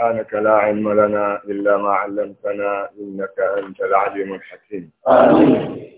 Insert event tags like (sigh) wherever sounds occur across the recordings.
سبحانك لا علم لنا إلا ما علمتنا إنك أنت العليم الحكيم آمين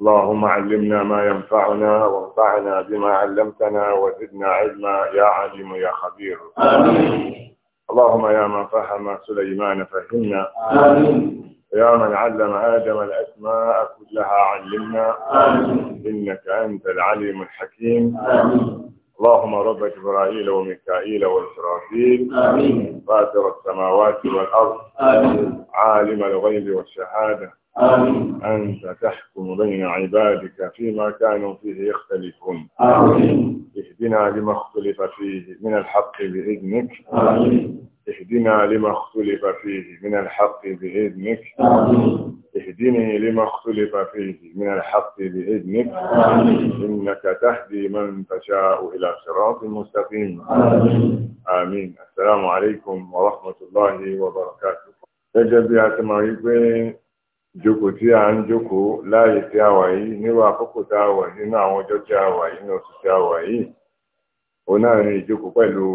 اللهم علمنا ما ينفعنا وانفعنا بما علمتنا وزدنا علما يا عليم يا خبير آمين اللهم يا من فهم سليمان فهمنا آمين يا من علم آدم الأسماء كلها علمنا آمين إنك أنت العليم الحكيم آمين اللهم رب جبرائيل وميكائيل والسرافيل آمين فاتر السماوات والأرض آمين عالم الغيب والشهادة آمين أنت تحكم بين عبادك فيما كانوا فيه يختلفون آمين اهدنا لما اختلف فيه من الحق بإذنك آمين اهدنا لما اختلف فيه من الحق بإذنك آمين اهدني لما اختلف فيه من الحق بإذنك آمين إنك تهدي من تشاء إلى صراط مستقيم آمين آمين السلام عليكم ورحمة الله وبركاته. Gẹ́gẹ́ يا a jókòó tí a ń jókòó láàyè tí a wà yìí nírú àkókò tá a wà nínú àwọn ọjọ́ tí a wà yìí nínú oṣù tí a wà yìí òun náà ní ìjókòó pẹ̀lú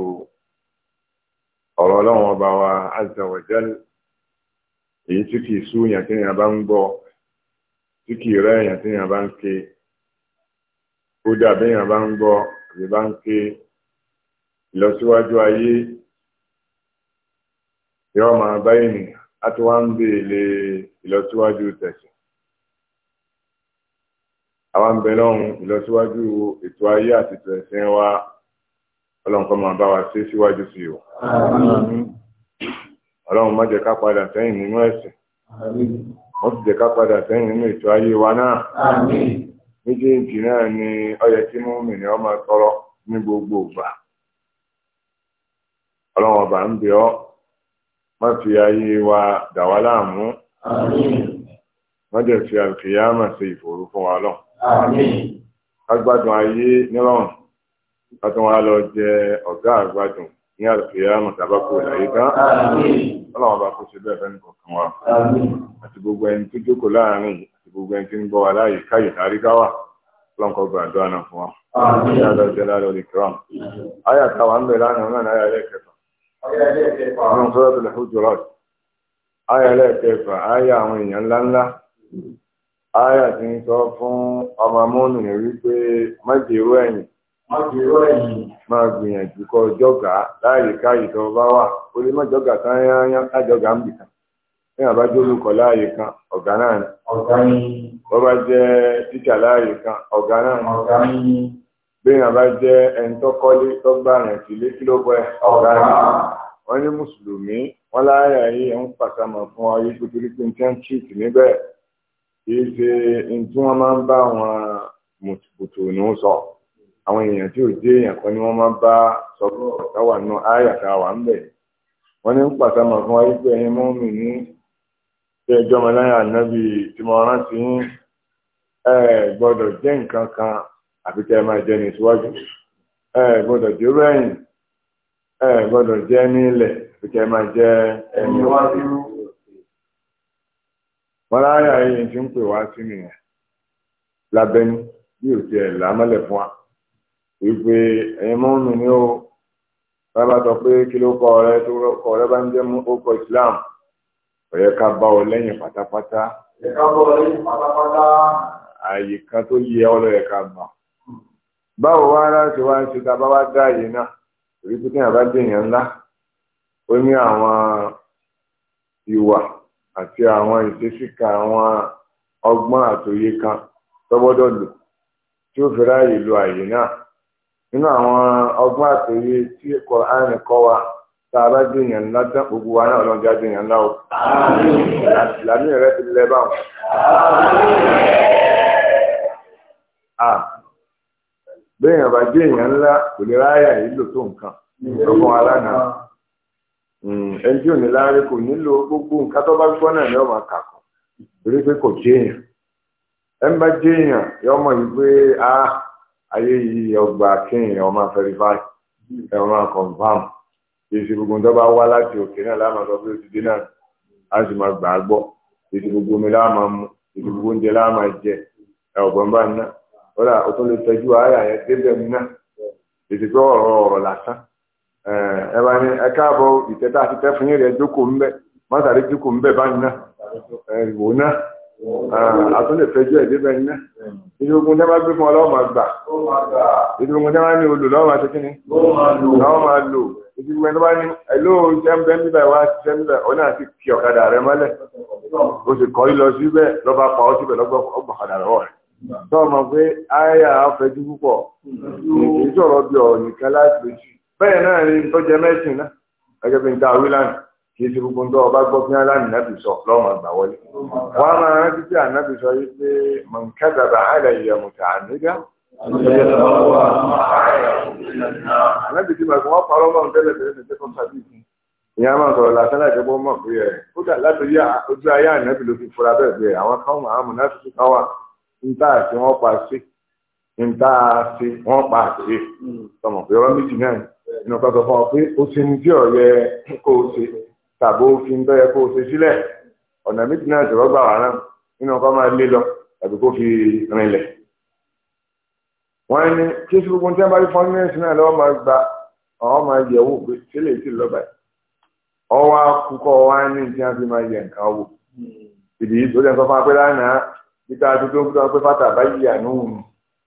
ọ̀rọ̀ ọlọ́run ọba wa azza wa èyí tí kì í sú yàn tí yàn bá ń gbọ́ tí kì í rẹ́ yàn tí yàn bá ń ké kódà bí yàn bá ń gbọ́ àbí bá ń ké ìlọsíwájú ayé yọ máa bá ènìyàn á ti wá ń béèlè ìlọsíwájú tẹ̀sán àwa ń bẹ lọ́hùn ìlọsíwájú ètò ayé àti tẹ̀sán wa ọlọ́run kọ́ máa bá wa ṣe síwájú sí o ọlọ́run má jẹ́ ká padà sẹ́yìn nínú ẹ̀sìn wọ́n sì jẹ́ ká padà sẹ́yìn nínú ètò ayé wa náà méjèèjì náà ni ọyẹ tí mú mi ni ọmọ tọrọ ní gbogbo ìgbà ọlọ́run ọba ń bẹ ọ́ má fi ayé wa dà wá láàmú. mọ́jẹ̀ fi àkìyàmà ṣe ìfòrò fún wa lọ. agbádùn ayé nírọ̀rùn látún wa lọ jẹ ọ̀gá àgbádùn ní àkìyàmà tàbákò ìlàyé tán ọlọ́run bá kó ṣe bẹ́ẹ̀ fẹ́ nìkan wa àti gbogbo ẹni tó jókòó láàrin àti gbogbo ẹni tí ń gbọ́ wa láàyè káyè fún wa. olè ń bẹ̀ náà sọ́dọ̀ tó lè fún jùlọ. Aya ẹlẹ́ẹ̀kẹfà, aya àwọn èèyàn ńláńlá. Aya ti ń sọ fún ọmọ wípé májèrú ẹ̀yìn. ẹ̀yìn. Máa gbìyànjú kọ jọ́gà láàyè káyè tó bá wà. O lè má jọ́gà tán bá olùkọ́ láàyè kan, ọ̀gá náà ni. bá láàyè kan, ọ̀gá náà ni. Bí bá jẹ́ rẹ̀ sílé kí wọ́n láyà yìí ń pàtàmọ̀ fún ọ yìí kúkúrú pé ní tẹ́ńtìt níbẹ̀ kìí ṣe tí wọ́n máa ń bá àwọn mùtùkùtù ní sọ àwọn èèyàn tí ò dé èèyàn kan ni wọ́n máa ń bá sọ́kọ̀ táwà nù áyà tá a wà ń bẹ̀ wọ́n ní ń pàtàmọ̀ fún ọ yìí pé ẹ̀yin mú mi ní ṣe ẹjọ́ mi láyà nábì tí mo rántí yín ẹ gbọ́dọ̀ jẹ́ nǹkan kan àfi tẹ́ ẹ máa jẹ́ ní síwájú ẹ gbọ́dọ̀ jẹ́ rẹ́yìn ẹ gbọ́dọ̀ jẹ́ ní ilẹ̀ kìkẹ́ máa jẹ́ ẹni wájú. wọ́n láyà yìí ti ń pè wá sí nìyẹn lábẹ́nú bí ò tiẹ̀ lámọ́lẹ̀ fún wa wípé ẹ̀yin mọ́ mi ní o bàbá sọ pé kí ló kọ rẹ tó kọ rẹ bá ń jẹ́ orúkọ Islam ó yẹ ká bá ọ lẹ́yìn pátápátá. ó yẹ ká bá ọ lẹ́yìn pátápátá. ààyè kan tó yẹ ọ lọ yẹ ká bá ọ báwo wá láti wá ń ṣe tá a bá wá dá yìí náà torí pé téèyàn bá dèèyàn ńlá ó ní àwọn ìwà àti àwọn ìṣesí àwọn ọgbọ́n àtòyé kan lò tí ó fi ráàyè lo àyè náà nínú àwọn ọgbọ́n àtòyé tí Kùránì kọ́ wa tá a bá dèèyàn ńlá tán gbogbo wa náà já ńlá o. rẹ ti lẹ báwọn. béèyàn bá ńlá kò lè Mm, ẹjí ò ní láàárín kò nílò gbogbo nǹkan tó bá gbọ́ náà ni ọmọ kàkọ́ torí pé kò jéèyàn ẹ ń bá jéèyàn yọ ọmọ yìí pé a ah, ayé yìí ọgbà kéèyàn ọmọ afẹ́rifáì ẹ ọmọ kọ̀ǹfàm èsì gbogbo tó bá wá láti òkè náà láàmú sọ pé òtítí náà á sì máa gbà á gbọ́ èsì gbogbo omi láàmú mu èsì gbogbo oúnjẹ láàmú jẹ ẹ ọ̀gbọ́n bá ń ná ó tún lè tẹ́jú ààyè àyẹ débẹ̀ mi náà èsì pé ọ̀rọ̀ ọ̀rọ̀ lásán Eh, ẹ ni ní ẹ káàbọ̀ ìtẹ́ tá a ti tẹ́ fún yín rẹ̀ jókòó ńbẹ mọ́tàrí bá nínà wò ná àtúndì ah, ìdí ogun tẹ́ bá gbé fún ọ lọ́wọ́ máa gbà ìdí ogun tẹ́ bá ní olù lọ́wọ́ máa ṣe kíni lọ́wọ́ máa lò ìdí ogun tẹ́ bá ní níbẹ̀ wá ọ náà ti kí ọ̀kadà rẹ mọ́lẹ̀ o lọ síbẹ̀ lọ́ba ọ síbẹ̀ tọ́ ọ mọ̀ pé ayé púpọ̀ bí ọ̀ nìkan láti bẹ́ẹ̀ náà ni tó jẹ mẹ́sìn náà gẹ́gẹ́ bí n ta wí lánàá kì í ṣe gbogbo nǹkan ọba gbọ́ fún aláàánú nábì sọ lọ́mọ àgbà wọlé. wọ́n á máa rántí pé ànábì sọ yìí pé mọ̀nkẹ́dàbà àìlẹ̀yẹ̀ mùtà ànígá. ànábì tí màgbọ́n wọ́n parọ́ mọ́ tẹ́lẹ̀ tẹ́lẹ̀ tẹ́lẹ̀ tó tàbí ìsìn. ìyá máa sọ̀rọ̀ lásán láti bọ́ mọ̀ pé ẹ̀ kódà láti rí ojú ayé ànábì ló fi fura bẹ́ẹ̀ bẹ́ẹ̀ àwọn káwọn àwọn mọ̀nà níta ṣe wọ́n pa àṣẹ hmm. tọmọ pé ọ̀rọ̀ méjì náà nínú kan sọ fún ọ pé ó ṣe ní tí ò yẹ kó o ṣe tàbí ó fi ń tọ́ yẹ kó o ṣe sílẹ̀ ọ̀nà méjì náà tọ̀rọ̀ gbà wá náà nínú kan máa lé lọ tàbí kó fi rinlẹ̀. wọ́n ní kí ṣe gbogbo tí wọ́n bá rí fọ́nrẹ́ǹsì náà lọ́wọ́ máa gba àwọn máa yẹ̀ wò pé ṣé lè ti lọ báyìí. ọwọ́ akúkọ wa ní tí wọ́n fi máa yẹ nǹkan wò. Hmm. ìdí tó jẹ́ nǹkan fún apẹ́ lánàá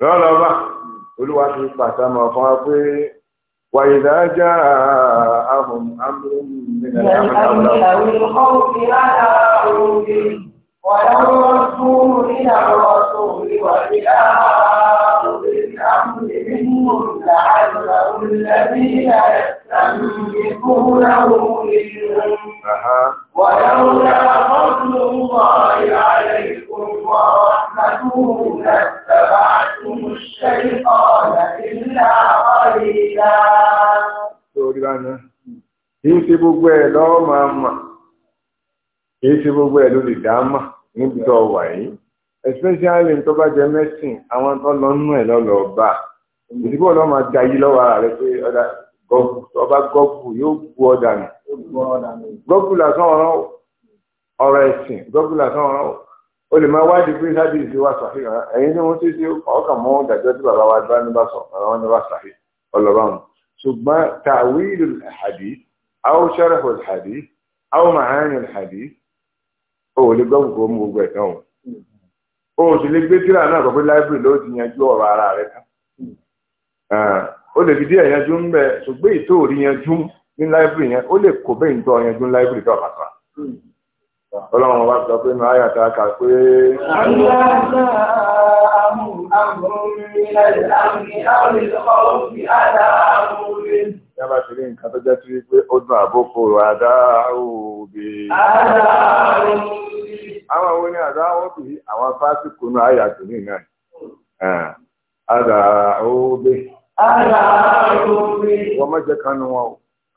lọ́lọ́ba olúwa ti pàtàmọ̀ fún wa pé wàyídá já ahùn amúrún nínú àwọn ọ̀rọ̀ ولو رسول إلى الرسول وإلى أولي الأمر الملك لعله الذين يستنبطونه منهم ولولا فضل الله عليكم إلا قليلا. Kìí ṣe gbogbo ẹ̀ lọ́wọ́ máa mà, kìí ṣe gbogbo ẹ̀ ló lè dá mà níbi tó wà yìí, especially tó bá jẹ mẹ́sìn àwọn tó lọ́nú ẹ̀ lọ́lọ́ bá ìdìbò náà máa da yí lọ́wọ́ ara rẹ pé ọ̀dà gọ́ọ̀fù ọba gọ́ọ̀fù yóò bu ọ̀dà nù gọ́ọ̀fù làtọ́ ọ̀rọ̀ ọ̀rọ̀ ẹ̀sìn gọ́ọ̀fù làtọ́ ọ̀rọ̀ o lè máa wádìí pé sábì ìdí wa sàfihàn ẹ̀yin tí wọ́n ti ṣe ọkàn mọ́ dàjọ́ tí bàbá wa bá ní bá sọ bàbá wa ní bá sàfihàn ọlọ́run ṣùgbọ́n tàwíìlù hadith aw sharhu hadith aw ma'ani hadith o lè gbọ́kù gbogbo ẹ̀ tán o hmm. sì lè gbé tíra náà kọ́ pé láìbírì ló ti yanjú ọ̀rọ̀ ara rẹ̀ tán ó lè fi díẹ̀ yanjú ń bẹ ṣùgbọ́n ètò òrí yanjú ní láìbírì yẹn ó lè kó bẹ́ẹ̀ ń tọ́ yanjú láìbírì tó kan. ọlọ́run wa sọ pé nù ayà tá a kà pé. àyà náà àmì àmì Yá bá ti rí nǹkan tó pé ó Àwọn ní Àwọn fásitì ara obe ara obe wọ́n má jẹ́ kánú wọn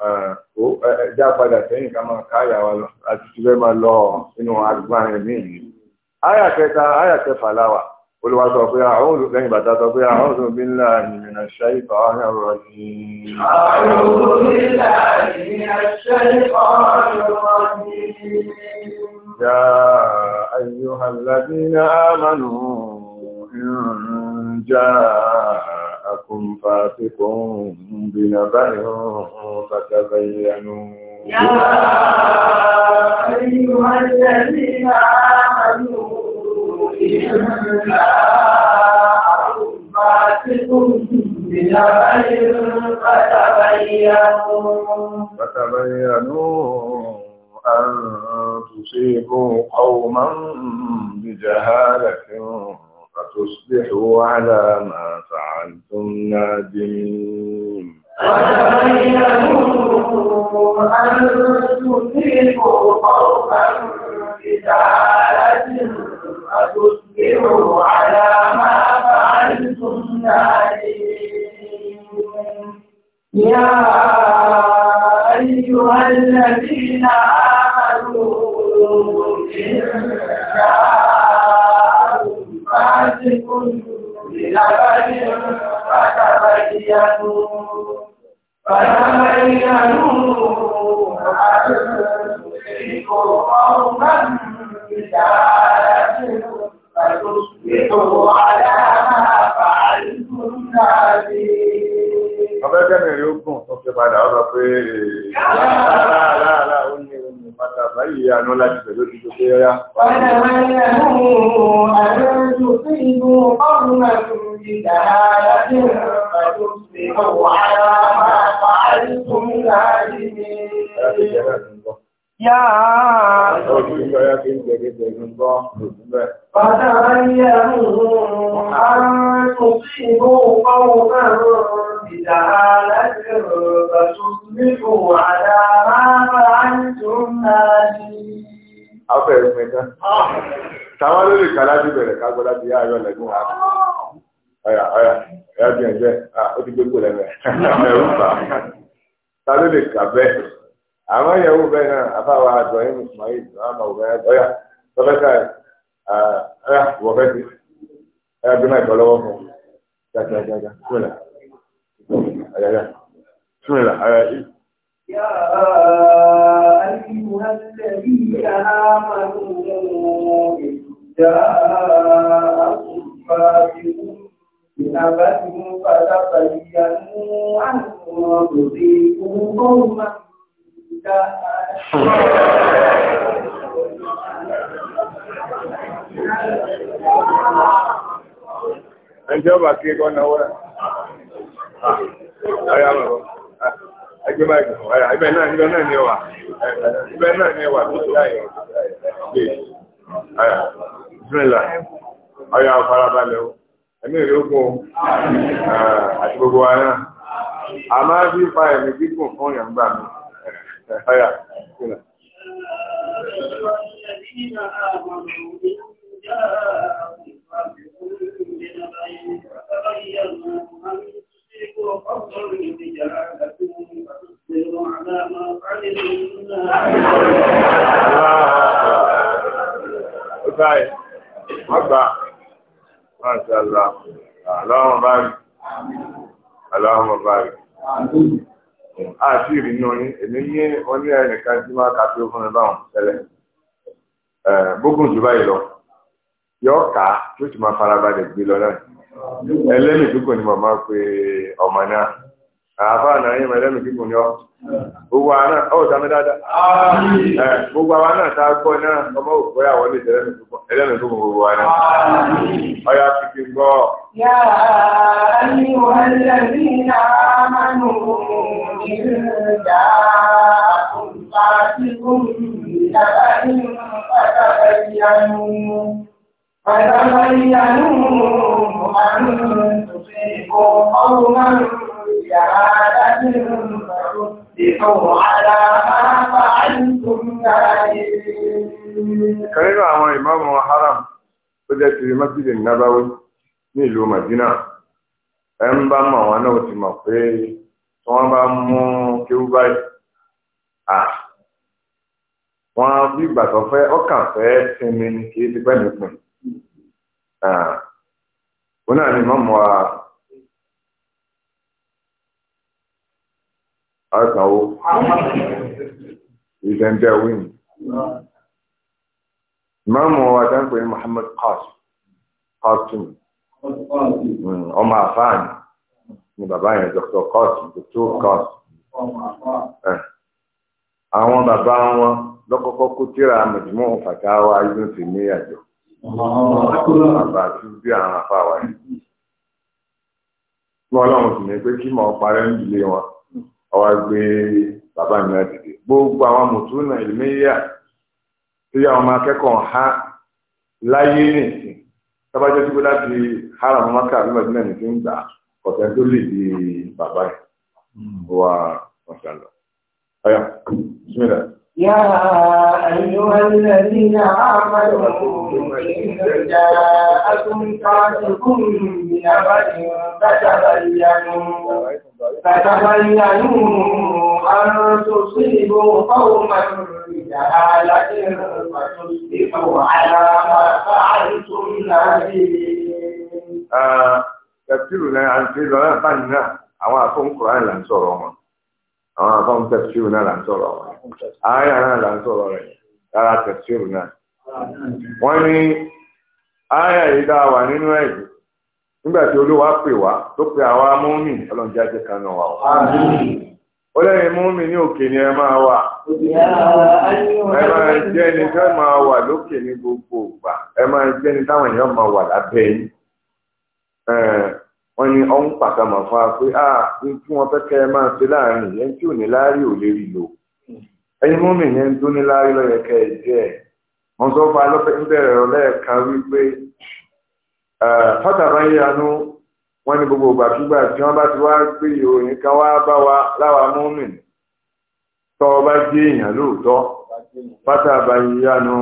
ó já padà sẹ́yìn ká máa káyà wa lọ àti tí fẹ́ máa lọ inú agbárin mí àyà kẹta àyà kẹfà láwà olùwà sọ pé àwọn olùkẹ́yìn bàtà sọ pé àwọn olùkẹ́yìn bí ńlá ìrìnà ṣáyé bá wà ọ̀rọ̀ yìí. àwọn olùkẹ́yìn bí ńlá ìrìnà ṣáyé bá wà ní ọ̀rọ̀ yìí. يا أيها الذين آمنوا إن جاءكم فاسق بنبأ فتبينوا يا أيها الذين آمنوا إن جاءكم فاسق بنبأ فتبينوا فتبينوا أن تصيبوا قوما بجهالة فتصبحوا على ما فعلتم نادمين وتبينوا أن قوما فتصبحوا على ما فعلتم نادمين يا أيها الذين آمنوا عاتق بنفر فتبينوا فلما ينوه أن تشركوا قوما بجهالة فتصبحوا على ما فعلتم نادمين ọ̀fẹ́ kẹ́mi rí ogun tó fi padà ọ̀rọ̀ pé láàláàlá ó ní ohun pátá báyìí àánú láti pẹ̀lú ti tó pé ọyá. Ọ̀nà wáyé mú àlọ́jù sí inú ọ̀run àtúntò ìdá láti ìrìnàjò sí ọ̀wọ̀ ara máa pa Yá Ọdún ìjọya fi ń jẹ́ gẹ́gẹ́ gbọ́ lòdún bẹ́ẹ̀. Bàtà ayé ẹ̀rùn-ún, àrùn tó sí ìbò ọmọ náà ìdá láti rọ̀rọ̀ tó nífò àdá máa bá ń tó náà ní. Afẹ́ ẹ̀rùn mẹ́ta. Tàwọn lórí ìkàlá ti bẹ̀rẹ̀ kágbọ́lá ti yá ayọ́ lẹ́gùn àárín. Ọ̀yà ọ̀yà ẹ̀yà bí àmọ́ ìyàwó bẹ́ẹ̀ náà àfáwà àjọ yín Ismail ọmọ obìnrin ọyà tọ́lẹ́kà ẹ̀yà wọ fẹ́ ti ẹ̀yà bí náà ìtọ́lọ́wọ́ fún un jàjàjàjà túnlẹ̀ àjàjà túnlẹ̀ ara yìí. يا أيها الذين آمنوا إن Ẹjọ́ bà kí ẹgbọ́n náà ah, wọ́n. Ọya ah, mọ̀ ẹgbẹ́ bá ẹgbẹ́ ọ̀ya ibẹ̀ náà ibẹ̀ náà ni ẹwà ibẹ̀ náà ni ẹwà tó láyọ̀ gbé ọya bírílà ọya farabalẹ̀ o ẹ̀mí ìrógún ah, àti gbogbo wa náà a máa fi fa ẹ̀mí gígùn fún ìyàngbà mi. (laughs) haya kuna Báyìí, wọ́n gbà, wọ́n ṣe àlọ́ àwọn ọ̀rọ̀ a ìrìnà yín èmi ní wọn ní ẹnìkan tí máa kà sí fún mi báwọn tẹ́lẹ̀ bógùn jù báyìí lọ yọ ká tó sì máa farabalẹ̀ gbé lọ náà ẹlẹ́mìí dúkùn ni màmá pe ọmọ àáfà náà yín mẹ́lẹ́mì kíkù ni ọ́ gbogbo àwọn náà ọ̀ sàmì dáadáa gbogbo àwọn náà tá a gbọ́ náà ọmọ òkú yà wọlé ẹlẹ́mì tó kù gbogbo wa náà ọ̀yà ń gbọ́. yà á ní wọn lẹ́bí náà mánú tó fi شهادة فتصبحوا على ما فعلتم نادمين. كان يقول عمر إمام وحرم بدأت في المسجد النبوي ní ìlú Madina ẹ ń bá mọ àwọn náà ti mọ pé tí wọn bá mú kéwú báyìí à wọn bí ìgbà fẹ́ ọkàn fẹ́ sinmi ni kì í ti pẹ́ nípìn òun náà ni mọ̀mọ́ wa. ọ̀sánwó ìdẹ́ndẹ́ wíìn. Ìmáàmù wa dáńpẹ́ ní Muhammad Qasim Qasim ni Dr. Dr. Eh. Àwọn bàbá wọn Lọkọkọ kó tíra ní àjọ. bí àwọn afáwà ní pé kí ń ọwọ́ gbé bàbá mi náà dìde gbogbo àwọn mùtúnà ìlmíyà tí àwọn ọmọ akẹ́kọ̀ọ́ ha láyé nìsín tábàjọ́ tí kò láti hàrà ọmọ maka àbí màdínà nìsín gbà ọ̀sẹ̀ tó lè di bàbá ẹ̀ wà ọ̀sẹ̀ lọ. ọ̀yà bísímìlà. يا أيها الذين آمنوا إن جاءكم فاسق بنبأ فتبينوا فتبينوا أن تصيبوا قوما بجهالة فتصبحوا على ما فعلتم نادمين. تفسير لنا عن في لنا فنا àwọn àfọ́n kùránì là ń sọ̀rọ̀ wọn àwọn àfọ́n tẹ̀síwò náà là ń sọ̀rọ̀ wọn ààyè náà là ń sọ̀rọ̀ rẹ̀ rárá tẹ̀síwò náà. wọ́n ní ààyè yìí dá wà nínú ẹ̀jẹ̀ nígbà tí olúwa pè wá tó pe àwa múmi ọlọ́njẹ́ ajé kan náà wà ó. ó lẹ́yìn múmi ní òkè ni ẹ máa wà. ẹ máa jẹ́ ẹni tó máa wà lókè ní gbogbo ìgbà ẹ máa jẹ́ ẹni táwọn èèyàn máa wà lábẹ́ yín wọ́n ní ọ̀hún pàtàmọ̀ fún wa pé à ń tí wọ́n fẹ́ kẹ́ ẹ máa ṣe láàrin ìyẹn tí ò ní láárí ò lè rí lò ẹyin mú mi yẹn tó ní láárí lọ́yẹ̀ ẹ̀ fọ́tàbáyánú wọ́n ní gbogbo ìgbàkúgbà tí wọ́n bá ti wá pé ìròyìn kan wá bá wa láwa mọ́mìn tọ́ ọ bá jẹ́ èèyàn lóòótọ́ fọ́tàbáyánú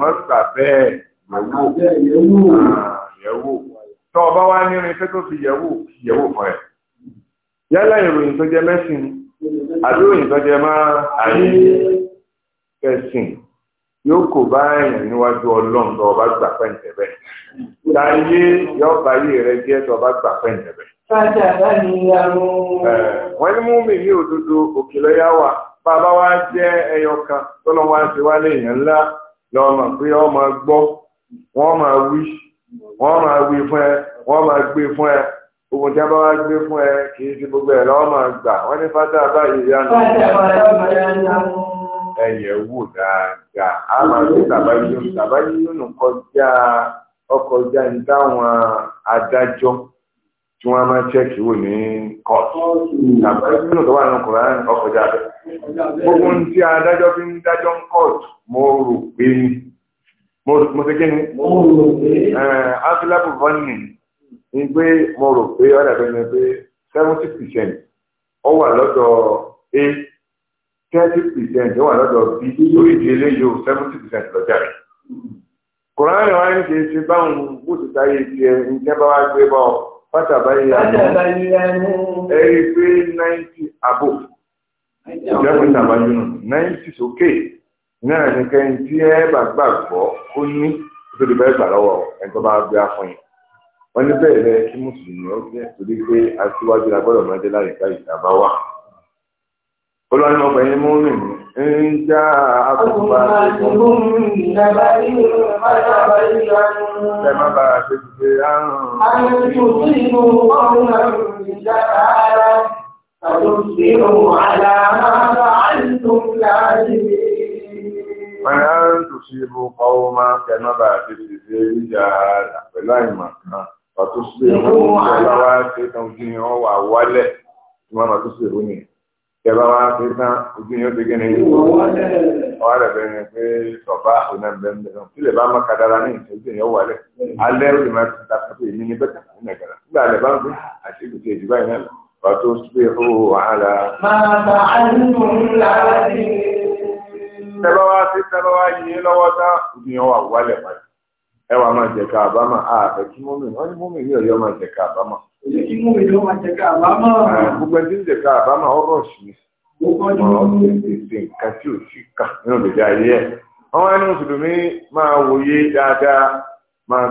mọ́tà bẹ́ẹ̀ yẹ̀wò yẹ̀wò ah, tọ́ ọ bá wá nírin fẹ́ tó fi yẹ̀wò yẹ̀wò fún ẹ̀ yálà ìròyìn tó jẹ mẹ́sìn àbí ìròyìn tó jẹ máa àyè kẹsìn yóò kò bá èèyàn níwájú ọlọ́run tó ọba gbà pẹ́ǹtẹ̀ bẹ́ẹ̀. Táyé yóò bá yé rẹ jẹ́ tó ọba gbà pẹ́ǹtẹ̀ bẹ́ẹ̀. Fájà bá ìyàwó. Wọ́n ní múmi ní òdodo òkè lọ́yà wa. Bàbá wa jẹ́ ẹyọ kan tọ́lọ́ wa ti wá léèyàn ńlá lọ́mọ pé wọ́n máa gbọ́, wọ́n máa wí, wọ́n máa wí fún ẹ, wọ́n máa gbé fún ẹ. Ogun tí a bá wá gbé fún ẹ kì í ti gbogbo ẹ̀ lọ́wọ́ máa gbà. Wọ́n ní fájà bá ìyàwó ẹyẹ wò dáadáa a máa fi tàbáyún tàbáyún kọjá ọkọjá ní táwọn adájọ́ tí wọ́n máa ṣẹ́kì wò ní kọ́ọ̀tù tàbáyún tó wà nínú kòrán ọkọjá bẹ́ẹ̀. gbogbo ní tí adájọ́ fi ń dájọ́ ń kọ́ọ̀tù mo rò pé ní mo ti kí ni eh, afilabu vani ni pé mo rò pé ọ̀dà pé seventy percent ó wà lọ́dọ̀ eight thirty percent wà lọ́dọ̀ bí lórí ìdílé yóò seventy percent lọ́jà rẹ̀. kùránì wa ní kìí ṣe báwọn bó ti ta iye tiẹ̀ nǹkan bá wá gbé bọ́ pátá báyìí yanu pé ninety abo ìjọba ìta báyìí nù ninety sókè náà ní kẹ́hìn tí ẹ bá gbàgbọ́ ó ní tó ti bẹ́ẹ̀ gbà lọ́wọ́ ẹ̀gbọ́n bá gbé afọ yẹn wọ́n ní bẹ́ẹ̀ lẹ́ kí mùsùlùmí ó jẹ́ torí pé aṣíwájú la gbọ́dọ̀ máa dé láyé báyìí tá a bá wà olùwàní ọkọ̀ ẹni mú mi ń já àkùnfà ẹ má bá a ṣe ti ṣe àrùn Wọ́n á ń tò sí ibò pàwọ́ máa kẹ́nà bá àti ìṣẹ́ ìjà pẹ̀lú àìmọ̀ kan, ọ̀tún sí ìwọ̀n ìjọba wá sí ìtàn jí ni wọ́n wà wálẹ̀ tí wọ́n máa tó sí ìwọ̀n yìí tẹ́bá wá sí tán ojú yóò ti gẹ́ni yìí ọwọ́ rẹ̀ bẹ́ẹ̀ ni pé sọ̀bá ọ̀nà bẹ́ẹ̀ náà tí lè bá má kadara ní ìtọ́jú yẹn wà lẹ̀ alẹ́ ó lè má ti tàkà pé èmi ní bẹ́tà ní nàgàrà nígbà lè bá ń gbé àti ìgbésẹ̀ ìdìbò yẹn náà wà tó pé ó wàhálà. máa bá àlùkò ńlá sí. tẹ́bá wá sí tẹ́bá wá yìí lọ́wọ́ tán ojú yẹn wà wálẹ̀ padà ẹ wà máa jẹ̀ka àbámà Èyí kí mú mi ló máa jẹ ká àbámọ̀. Gbogbo ẹni tí ń jẹ ká àbámọ̀ ọ̀rọ̀ sí ni. Ọ̀rọ̀ sí èsì nǹkan tí ò sí kà nínú ìgbésí ayé máa wòye dáadáa, máa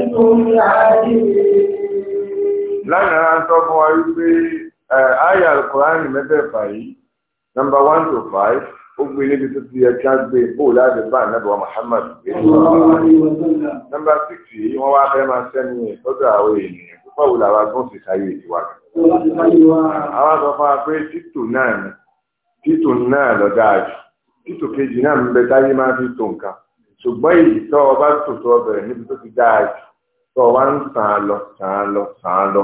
ń rí Lánàá sọ fún wa wípé àyà alukurani mẹ́fẹ̀ẹ̀fà yìí nọmba one to five ó gbé níbi tó ti yẹ kí á gbé bóòlù àti bá ànábọ̀ Muhammad nọmba six yìí wọ́n wá fẹ́ máa sẹ́ni ìtọ́jú àwọn ènìyàn púpọ̀ wò làwọn agbọ́n ti sáyé ìdíwà. àwọn sọ fún wa pé títù náà ni títù náà lọ dáa jù títù kejì náà ń bẹ táyé máa fi tó nǹkan ṣùgbọ́n èyí tó ọba tòótọ́ bẹ̀rẹ̀ níbi tó ti dáa tó wá ń sàn lọ sàn lọ sàn lọ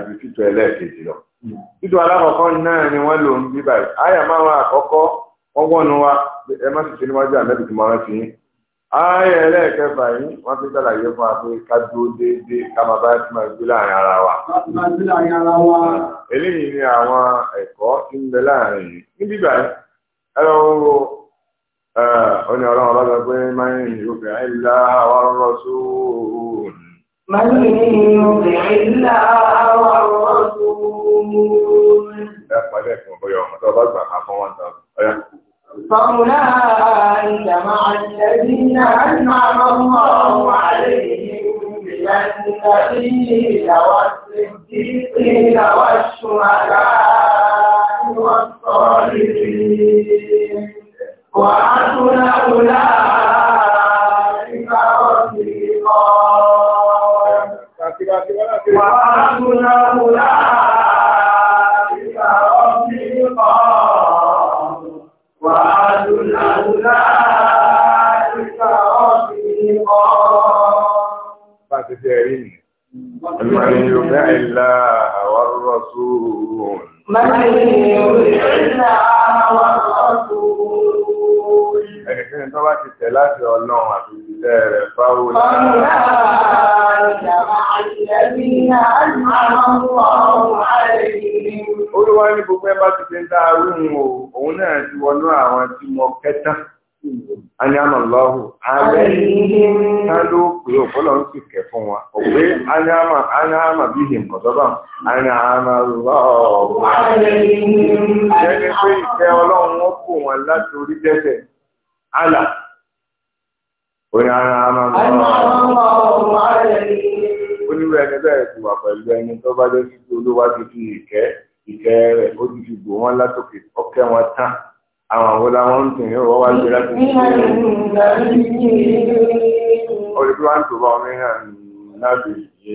ibi títọ́ ẹlẹ́ẹ̀kejì lọ. títọ́ alákọ̀ọ́kọ́ náà ni wọ́n lò ń bí báyìí àyà máa wà wa ẹ má níwájú àyà yìí wọ́n fi sàlàyé fún wa pé ká dúró déédéé ká máa bá ti máa gbé láàrin àwọn ẹ̀kọ́ ń yìí níbí báyìí Oni ọlọ́run bá sọ pé máa ń yòókè ilá àwọn ọ̀rọ̀ sóòrùn. Máa ń yòókè ilá àwọn ọ̀rọ̀ sóòrùn. Ẹ pàdé ẹ̀kùn bóyá ọmọ tó bá gbà máa fún wọn tán. Ọ̀yá. Fọ́mùlá ìjàmá àjẹ́bí náà ń máa mọ́ ọmọ àlejò النبي والصديقين والشهداء والصالحين وحسن أولئك رفيقا وحسن أولئك رفيقا وحسن أولئك رفيقا من يطع الله والرسول من يطع الله والرسول tó bá ti tẹ̀ láti ọlọ́run onye a rẹ̀ fáwọ́ ọ̀la. ọ̀la ìjàmbá ahụ. àlùmọ́ olúwa ní gbogbo ẹ bá ti fi ń dá arúhun o òun náà ti wọnú àwọn tí kẹta pé ń sì kẹ fún wa anyama bí pé ìfẹ́ Ọlọ́run wọn láti orí àlà oní ara amábọ̀ oníwẹ̀ ẹni bẹ́ẹ̀ ti wà pẹ̀lú ẹni tó bá jẹ́ títí olówá ti fi ìkẹ́ ìkẹ́ rẹ̀ ó ti fi gbò wọ́n látòkè ọkẹ́ wọn tán àwọn àwọn làwọn ń tìyìn ọwọ́ wá gbé láti fi orí tí wọ́n ń tó bá ọmọ ìhàn láti ṣe é.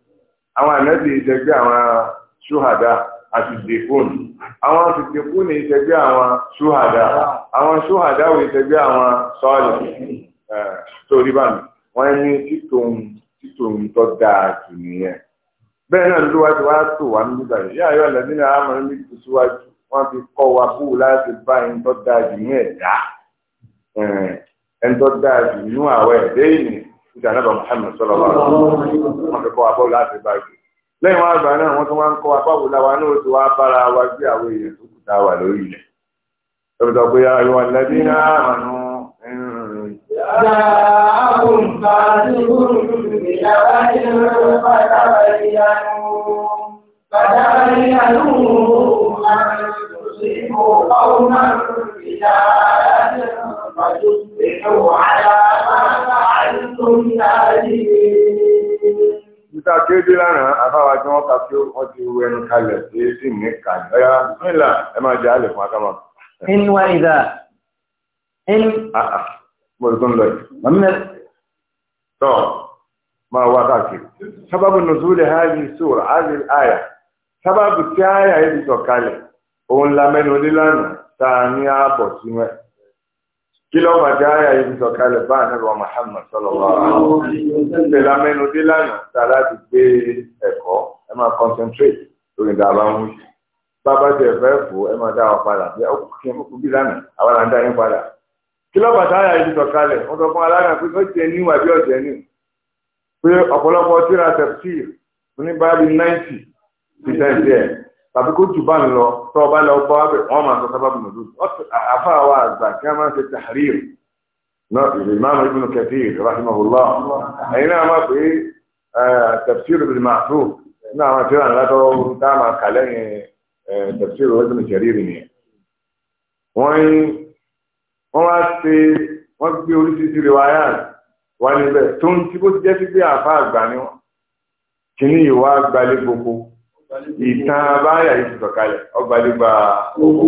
àwọn ànábì ìṣẹ́gbẹ́ àwọn ṣúhàdá àti dèkún àwọn dèkún ní ìṣẹ́gbẹ́ àwọn ṣúhàdá àwọn ṣúhàdá ò ìṣẹ́gbẹ́ àwọn sọ́ọ̀lì torí bá mi wọ́n ní títòun títòun tó dáa jù nìyẹn bẹ́ẹ̀ náà ló wá ti wá tò wá ní bíbá yìí ayọ̀ lẹ́ni náà àmọ́ ní ìtòsíwájú wọ́n fi kọ́ wa bú láti bá ẹni tó dáa jù ní ẹ̀dá ẹni tó dáa jù nínú àwọn ẹ̀dá ènìyàn ti ànábà Muhammad sallallahu alaihi wasallam wọn fi kọ́ abọ́ láti bá gbé lẹ́yìn wọn àgbà náà wọ́n tún wá ń kọ́ apáwo làwa náà ti wá bára wa gbé àwọn èèyàn tó kù tá a wà lórí ilẹ̀ lọ́bi pé ayọ̀ àlẹ́bí náà àmànú Ìyá àbùn bá ní gbùdùgbùdù ìyára ìlú pátápátá ìyanu pátápátá ìyanu máa ń تصيبوا قوما ó dé lánàá, àbáwá tí wọ́n ka kí wọ́n ti wú ẹnu kalẹ̀ sí sí ní kàní. Ọ̀yá nílà ẹ máa jẹ́ àlè fún akámọ̀. In wa ìdá. Ah, ah, mo rí tó ń lọ yìí. Tọ́ máa wá káàkiri. Sábàbù sùúrù, àyà. Sábàbù tí àyà yìí òun la mẹ́nu lílànà tá a ní ààbọ̀ sí mẹ́. kí ló máa jẹ́ àyà yìí sọ kalẹ̀ bá àníwá Muhammad sallallahu alaihi wasallam. ṣe la mẹ́nu lílànà tá a láti gbé ẹ̀kọ́ ẹ máa concentrate lórí ìdá àbá ń wí. bàbá tí ẹ fẹ́ fò ẹ máa dá wa padà bí ó kí ẹ kú bí lánà àwa là ń dá yín padà. kí ló máa jẹ́ àyà yìí sọ kalẹ̀ wọ́n sọ fún alága pé ó jẹ níwà bí ọ̀jẹ̀ ní pé ọ̀pọ̀lọpọ̀ tíra tẹ̀síì ní báyìí 90 percent tàbí kó jù bá ń lọ tó ọba lọ bọ́ abẹ wọn máa sọ sábàbù nùdú àfa wa àgbà kí a máa ṣe tahrir náà ìlú ìmáàmù ibùnú kathir rahimahullah ẹ̀yin náà máa pè é tafsir bil ma'thur náà máa tẹ́lẹ̀ àlátọ́ tá a máa kà lẹ́yìn tafsir ibùnú kathir nìyẹn. wọ́n wọ́n wá ṣe wọ́n gbé oríṣiríṣi rìwáyà wá níbẹ̀ tó ń tí kó ti jẹ́ sí pé àfa àgbà ni wọ́n kì ìtàn abáyà yìí ti sọ̀kalẹ̀ ọgbàdúgba owó.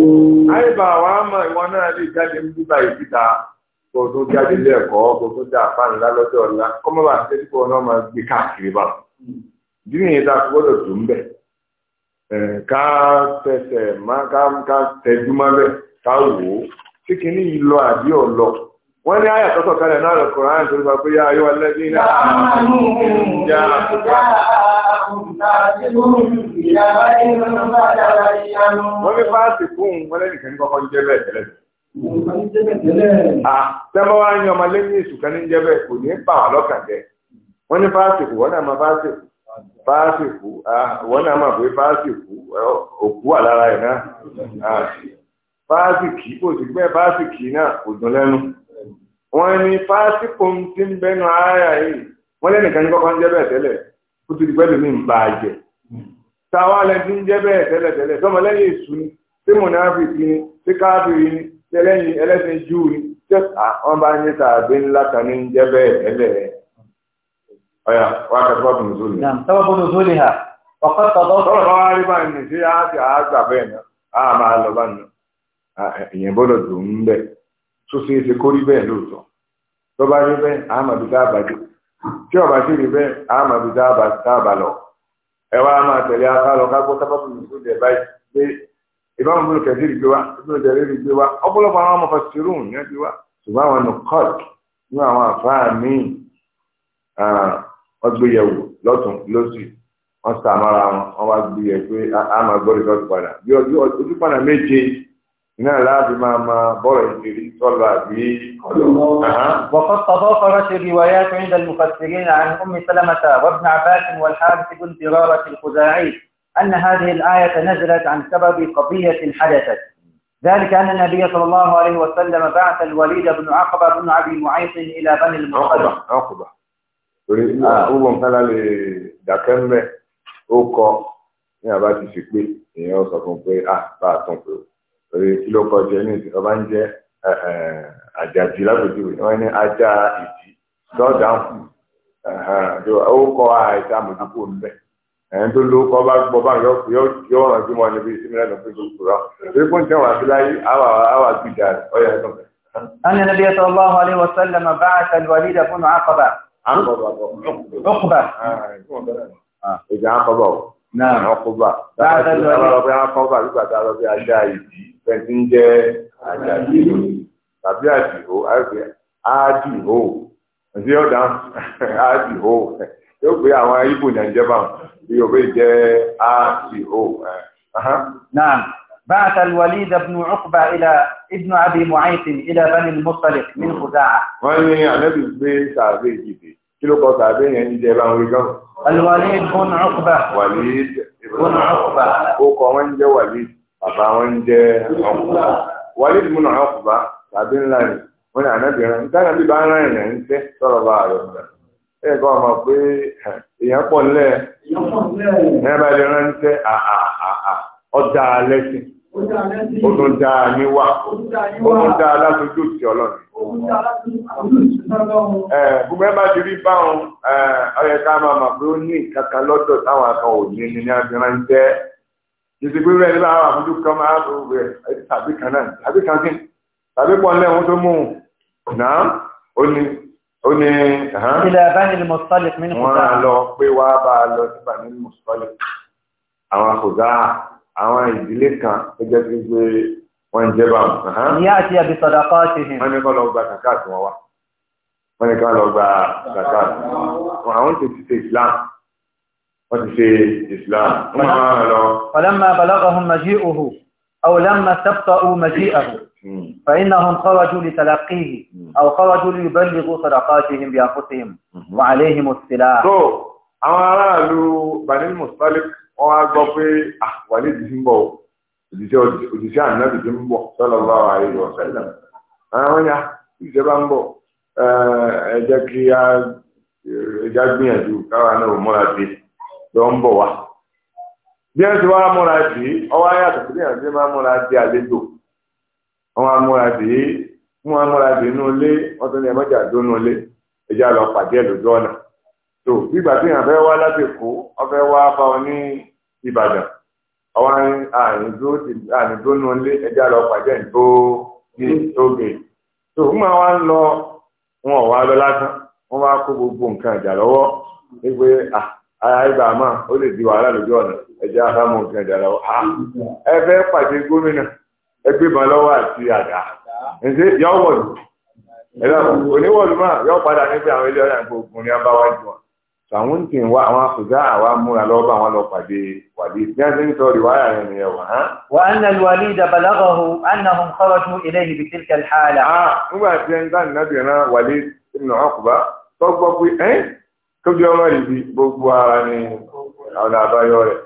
àyíbá wa mọ ìwọ náà lè jáde ń bíbá ìsíta o tó jáde ilé ẹ̀kọ́ kó o tó dá apá ńlá lọ́jọ́ ọ̀la kó má bàa ṣe kó o náà máa gbé káàkiri bá wọn. dídì yìí ta gbọ́dọ̀ tó ń bẹ̀ ká tẹsẹ̀ má ká tẹjú má bẹ̀ ká wò ó ṣé kìíní yìí lọ àbí ọ̀lọ́ wọ́n ní àyà tọ́tọ̀ kalẹ̀ náà lọ kọ̀ọ̀rọ̀ àyà torí pé yáa yọ alẹ́ bí náà wọ́n fi fáàsì fún wọn lẹ́nìkan ní kọ́kọ́ ń jẹ́ bẹ́ẹ̀ tẹ́lẹ̀. Ah, tẹ́lẹ̀ wá ní ọmọ lẹ́yìn èṣù kan ní jẹ́ bẹ́ẹ̀ kò ní bà wá lọ́kàn jẹ́ wọ́n ní fáàsì fún wọn náà máa fáàsì fún fáàsì fún ah, wọn náà máa pé fáàsì fún òkú wà lára ẹ̀ náà ah, fáàsì kì í kò sí pé fáàsì kì í náà kò dùn lẹ́nu wọ́n ní fáàsì kò ń ti ń bẹ́nu ara yìí wọ́n lẹ́nìkan ní kọ́kọ́ ń táwa lẹ́ni tí ń jẹ́ bẹ́ẹ̀ tẹ́lẹ̀tẹ́lẹ̀ tọmọlẹ́yìn èṣù ni tí mùnàfíìsì ni tí káfíìrì ni tí ẹlẹ́yìn ẹlẹ́sìn júù ni tí wọ́n bá ń yẹ tàbí ńlá kan ní ń jẹ́ bẹ́ẹ̀ tẹ́lẹ̀ ọ̀yà wà á kẹ́kọ̀ọ́ bùnú sólì. sábàbù nù sólì hà ọ̀kọ́ tọ̀dọ̀. tọ́lọ̀ bá wá rí báyìí ní sí àti àgbà bẹ́ẹ̀ náà a máa lọ bá ìyẹn gbọ́dọ̀ ẹ wá máa tẹ̀lé apá lọ ká gbọ́ sábà bùnú tó dẹ̀ báyìí pé ìbámu bùnú kẹ̀sí rí gbé wá bùnú tẹ̀lé rí gbé wá ọ̀pọ̀lọpọ̀ àwọn ọmọ fasirun ní ẹbí wá ṣùgbọ́n àwọn nukọ́t ní àwọn àfáà míì wọ́n gbé yẹ̀wò lọ́tún lọ́sì wọ́n sàmára wọn wọ́n wá gbé yẹ pé a máa gbọ́ rìsọ́ọ̀tù padà bí ojú padà méje náà لازم ما ما bọ́ọ̀rọ̀ ìdírí tọ́lọ وقد تضافرت الروايات عند المفسرين عن أم سلمة وابن عباس والحارث بن ضرارة الخزاعي أن هذه الآية نزلت عن سبب قضية حدثت ذلك أن النبي صلى الله عليه وسلم بعث الوليد بن عقبة بن عبد معيط إلى بني المصطلق عقبة عقبة مثلا لدكمة أوكو ní àbá ti fi kí ló kọ jẹ ní ìsìnkú ń jẹ eh, eh, àjàjì lápèjúwe wọn ní ajá ìdí lọ́dà ń àìsàn àmójúkú ńbẹ ẹ̀yìn tó ló kọ́ bá gbọ́ bá yọ yọ ràn sí wọn níbi ìsinmi lẹ́nu pé gbogbo rà pé àti láyé àwà náà ọkọba láti ọlọ́bẹ akọba nígbàtà ọlọ́bẹ ajá ìdí pẹ̀lú ń jẹ́ ajá ìdí tàbí àdìhó àìpẹ́ àdìhó ẹ̀sì ọ̀dà àdìhó yóò pé àwọn ibò ní àjẹbà bí òbí jẹ́ àdìhó. نعم بعث الوليد بن عقبة إلى ابن أبي معيط إلى بني المصطلق من خزاعة. wọ́n ní ànábì gbé sàbẹ̀ ìdìbò kí ló kọ sàbẹ̀ yẹn ń jẹ́ báwọn rí gan Alwalid bun Uqba. Walid bun Uqba. o kọ wọ́n Walid, bàbá wọ́n jẹ́ Walid bun Uqba tàbí ńlá ni wọ́n ní ànábìrin. Nítorí àbí bá ń rán ìrìn ń tẹ́ sọ̀rọ̀ bá rẹ̀ ọ̀dà. Ẹ kọ́ ó tún dá a níwá ó tún dá a látọjú òsì ọlọ́run. gbogbo ẹ bá ti rí báwọn ọyẹ ká máa mà pé ó ní ìkàkà lọ́dọ̀ táwọn akọ òní ni ní abirán jẹ́ títí pé rẹ̀ nígbà àwọn àbújú kan máa ń rẹ̀ tàbí kan náà tàbí kan sí tàbí pọ̀ lẹ́wọ̀n tó mú un náà ó ní ó ní. ilẹ̀ abáni ni mustalik mi ní kùtà. wọ́n á lọ pé wàá bá a lọ sí bani mustalik àwọn kò àwọn ìdílé kan tó jẹ́ sí pé wọ́n ń jẹ́ báwọn. ìyá àti àbí sọ̀dà pàṣẹ. wọ́n ní kọ́ lọ gba kàkà àti wọn wá wọ́n ní kọ́ lọ gba kàkà àti wọn wá àwọn tó ti ṣe Islam wọ́n ti ṣe Islam. ọ̀lẹ́mà balọ́gọ̀hún màjí òhù àwòlẹ́mà sẹ́pítọ̀ òhù màjí àhù. فإنهم خرجوا لتلقيه أو خرجوا ليبلغوا صدقاتهم بأنفسهم وعليهم السلاح. So, àwọn aráàlú Banil wọ́n wá gbọ́ pé ah, wàlẹ́ ti fi ń bọ̀ òṣìṣẹ́ ànábì ti ń bọ̀ sallallahu alaihi wa sallam àwọn ya ah, ìṣẹ́ bá ń bọ̀ ẹ jẹ́ kí ẹja gbìyànjú káwa náà múra dé lọ ń bọ̀ wá. bí ẹ ti wá múra dé ọwọ́ ayé àtàkùn níyànjú ti máa múra dé àlejò wọ́n á múra dé wọ́n á múra dé inú ilé wọ́n tún ní ẹ̀mọ́jà dónú ilé ẹja lọ pàdé ẹ̀ lójú ọ̀nà tó ìgbà tí èèyàn fẹ́ wá láti Èkó ọfẹ́ wá bá ọ ní Ìbàdàn ọwọ́ àyìnbó nù lé ẹja lọ pàdé ìbò ní tóge tó fún wa wá ń lọ wọn ò wá lọ lásán wọn wá kó gbogbo nǹkan ìjà lọ́wọ́ wípé ara ìgbà máa ó lè di wàhálà lójú ọ̀nà ẹja àbámu nǹkan ìjà lọ́wọ́ ẹ fẹ́ pàdé gómìnà ẹgbẹ́bọn lọ́wọ́ àti àdá ǹjẹ́ yọ wọ̀lú ẹ̀rọ oníwọ̀lú máa yọ padà níbi àwọn ilé ọ̀yà gbogbo ní abáwájú wọn tàwọn tí ń wá àwọn àfùgá àwa múra lọ́wọ́ bá wọn lọ pàdé wàlí bí wọ́n ti ń sọ ìwáyà rẹ̀ nìyẹn wà á. wà á nà lùwàlí ìdàbàlágọ̀hù annahum kharaju ilayhi bi tilka al-hala. nígbà tí ẹ ń dá nínú ìran wàlí ibn Uqba tó gbọ́ pé ẹ́ tóbi ọmọ rẹ̀ bí gbogbo ara ni ọ̀nà àbáyọ rẹ̀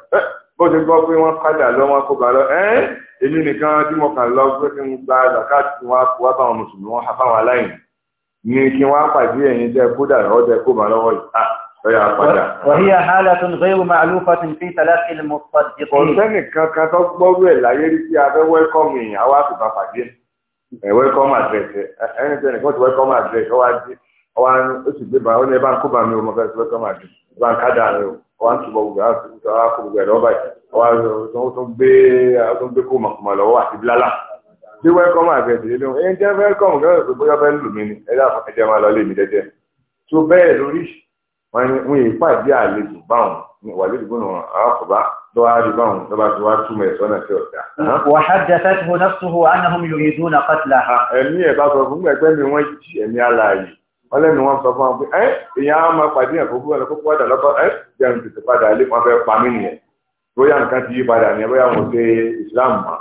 bó ti gbọ́ pé wọ́n padà lọ wọn kó ba ẹ́ èmi nìkan tí mo kàn lọ pé kí n gba zakati wá báwọn wọn ha wọn وهي حالة غير معلوفة في تلقي المصدقين. Kọ̀sẹ́nì kankan tó gbọ́rú ẹ̀ láyé rí sí abẹ́ wẹ́kọ́mù yìí, àwa sì bá pàdé. Ẹ wẹ́kọ́mù àdírẹ́sì, ẹni tẹ́ nìkan ti wẹ́kọ́mù àdírẹ́sì, ọwá dé, ọwá ó sì gbé ba, ó ní ẹ bá ń kó ba mi o, mo fẹ́ sí wẹ́kọ́mù àdírẹ́sì, bá ń kádà rẹ o, ọwá ń túbọ̀ gbogbo àti ọwá kó gbogbo wọ́n ní wọ́n yìí pàdé àlejò báwọn ní ìwà lójú gbọ́nà àkọ́bá tó wá rí báwọn tó bá ti wá túmọ̀ ẹ̀ sọ́nà sí ọ̀dà. wà á jẹ fẹ́ tó náà tó anahum yuriduna qatla. ẹ̀mí ẹ̀ bá sọ fún gbẹgbẹ́ mi wọ́n jí ẹ̀mí aláàyè wọ́n lẹ́nu wọn sọ fún wọn pé ẹ́ èèyàn á máa pàdé ẹ̀kọ́ fún ẹ̀kọ́ padà lọ́kọ́ ẹ́ jẹun tètè padà ilé wọn fẹ́ pa mí nìyẹn bóyá nǹkan ti yí padà Islam mọ́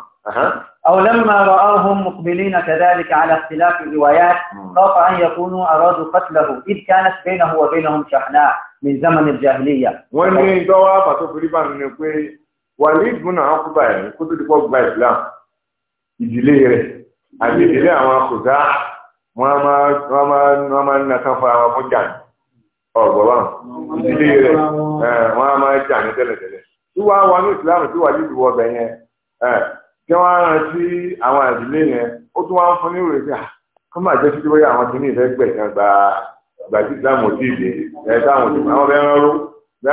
أو لما رآهم مقبلين كذلك على اختلاف الروايات خاف أن يكونوا أرادوا قتله إذ كانت بينه وبينهم شحناء من زمن الجاهلية ومن دوا فتفريبا نقول وليد بن عقبة كنت تقول بإسلام ìdílé rẹ̀ àti ìdílé àwọn kòtá wọn a máa ń nàkan fún àwọn fún jàǹdì ọ̀gbọ̀n ìdílé rẹ̀ wọn a máa jàǹdì tẹ́lẹ̀tẹ́lẹ̀ tí kí wọ́n á rán sí àwọn àdílé yẹn ó tún wọ́n fún ní ìwé pé kọ́ máa jẹ́ títí bóyá àwọn tí ní ìfẹ́ gbẹ̀ kan gba ìgbà tí ìsìlámù ò tíì dé ẹ̀ táwọn òdìbò àwọn bẹ́ẹ̀ rán ró bí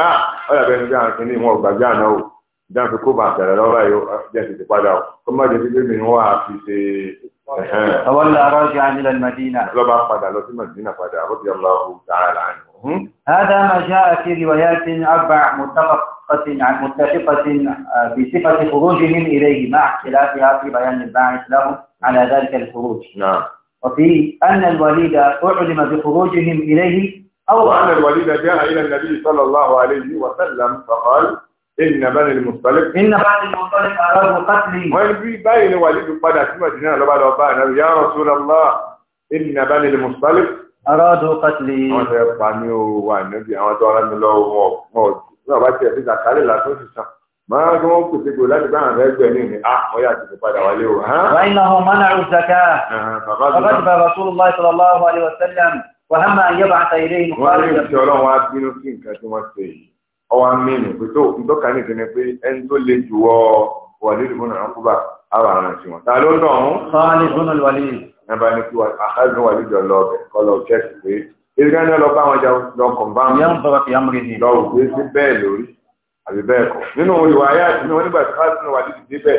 ọ̀là bẹ́ẹ̀ ni bí àwọn kìíní wọn ò gbàgbé àná o bí wọ́n fi kó bá àtẹ̀rẹ̀ lọ́wọ́ yìí jẹ́ títí padà o kọ́ máa jẹ́ títí mi wọ́n á fi ṣe. ọwọ́ lọ́ọ́ rọ́ọ̀jì هذا ما جاء في روايات أربع متفقة عن متفقة آه، بصفة خروجهم إليه مع اختلافها في بيان الباعث لهم على ذلك الخروج نعم وفي أن الوليد أعلم بخروجهم إليه أو أن الوليد جاء إلى النبي صلى الله عليه وسلم فقال إن بني المصطلق إن بني المصطلق أرادوا قتلي وإن في بين الوليد قد أسمى جنان لبا لبا يا رسول الله إن بني المصطلق Aráàdù Kátìlì. Wọ́n fẹ́ pa ní owó wa níbi àwọn tó rán mi lọ́wọ́ wọn wọn náà bá tiẹ̀ fi zàkálẹ̀ lásán ti san. Máa kí wọ́n pèsè gbò láti bá àwọn ẹgbẹ́ ní ìní, ah, wọ́n yà ti kò padà wálé o. Báyìí náà wọ́n máa nàrú zaka. Bàbá ti bá Rasulullah sallallahu alayhi wa sallam wà hàn máa yẹ bàtà ilé ìlú. Wọ́n ní ìṣẹ́ ọlọ́run á bínú sí nǹkan tí wọ́n ṣe yìí. Ọwọ́ nàbà ní kí àkáàbí wà lójọ lọ ọbẹ̀ kọ́ lọ chẹ́kì pé èyí kan náà lọ bá wọn jẹun lọ kọ̀ǹbáàmù lọ òwe sí bẹ́ẹ̀ lórí àbí bẹ́ẹ̀ kọ́ nínú ìwà ayé àti níwọ̀n nígbà tí káàtì wà lójọ débẹ̀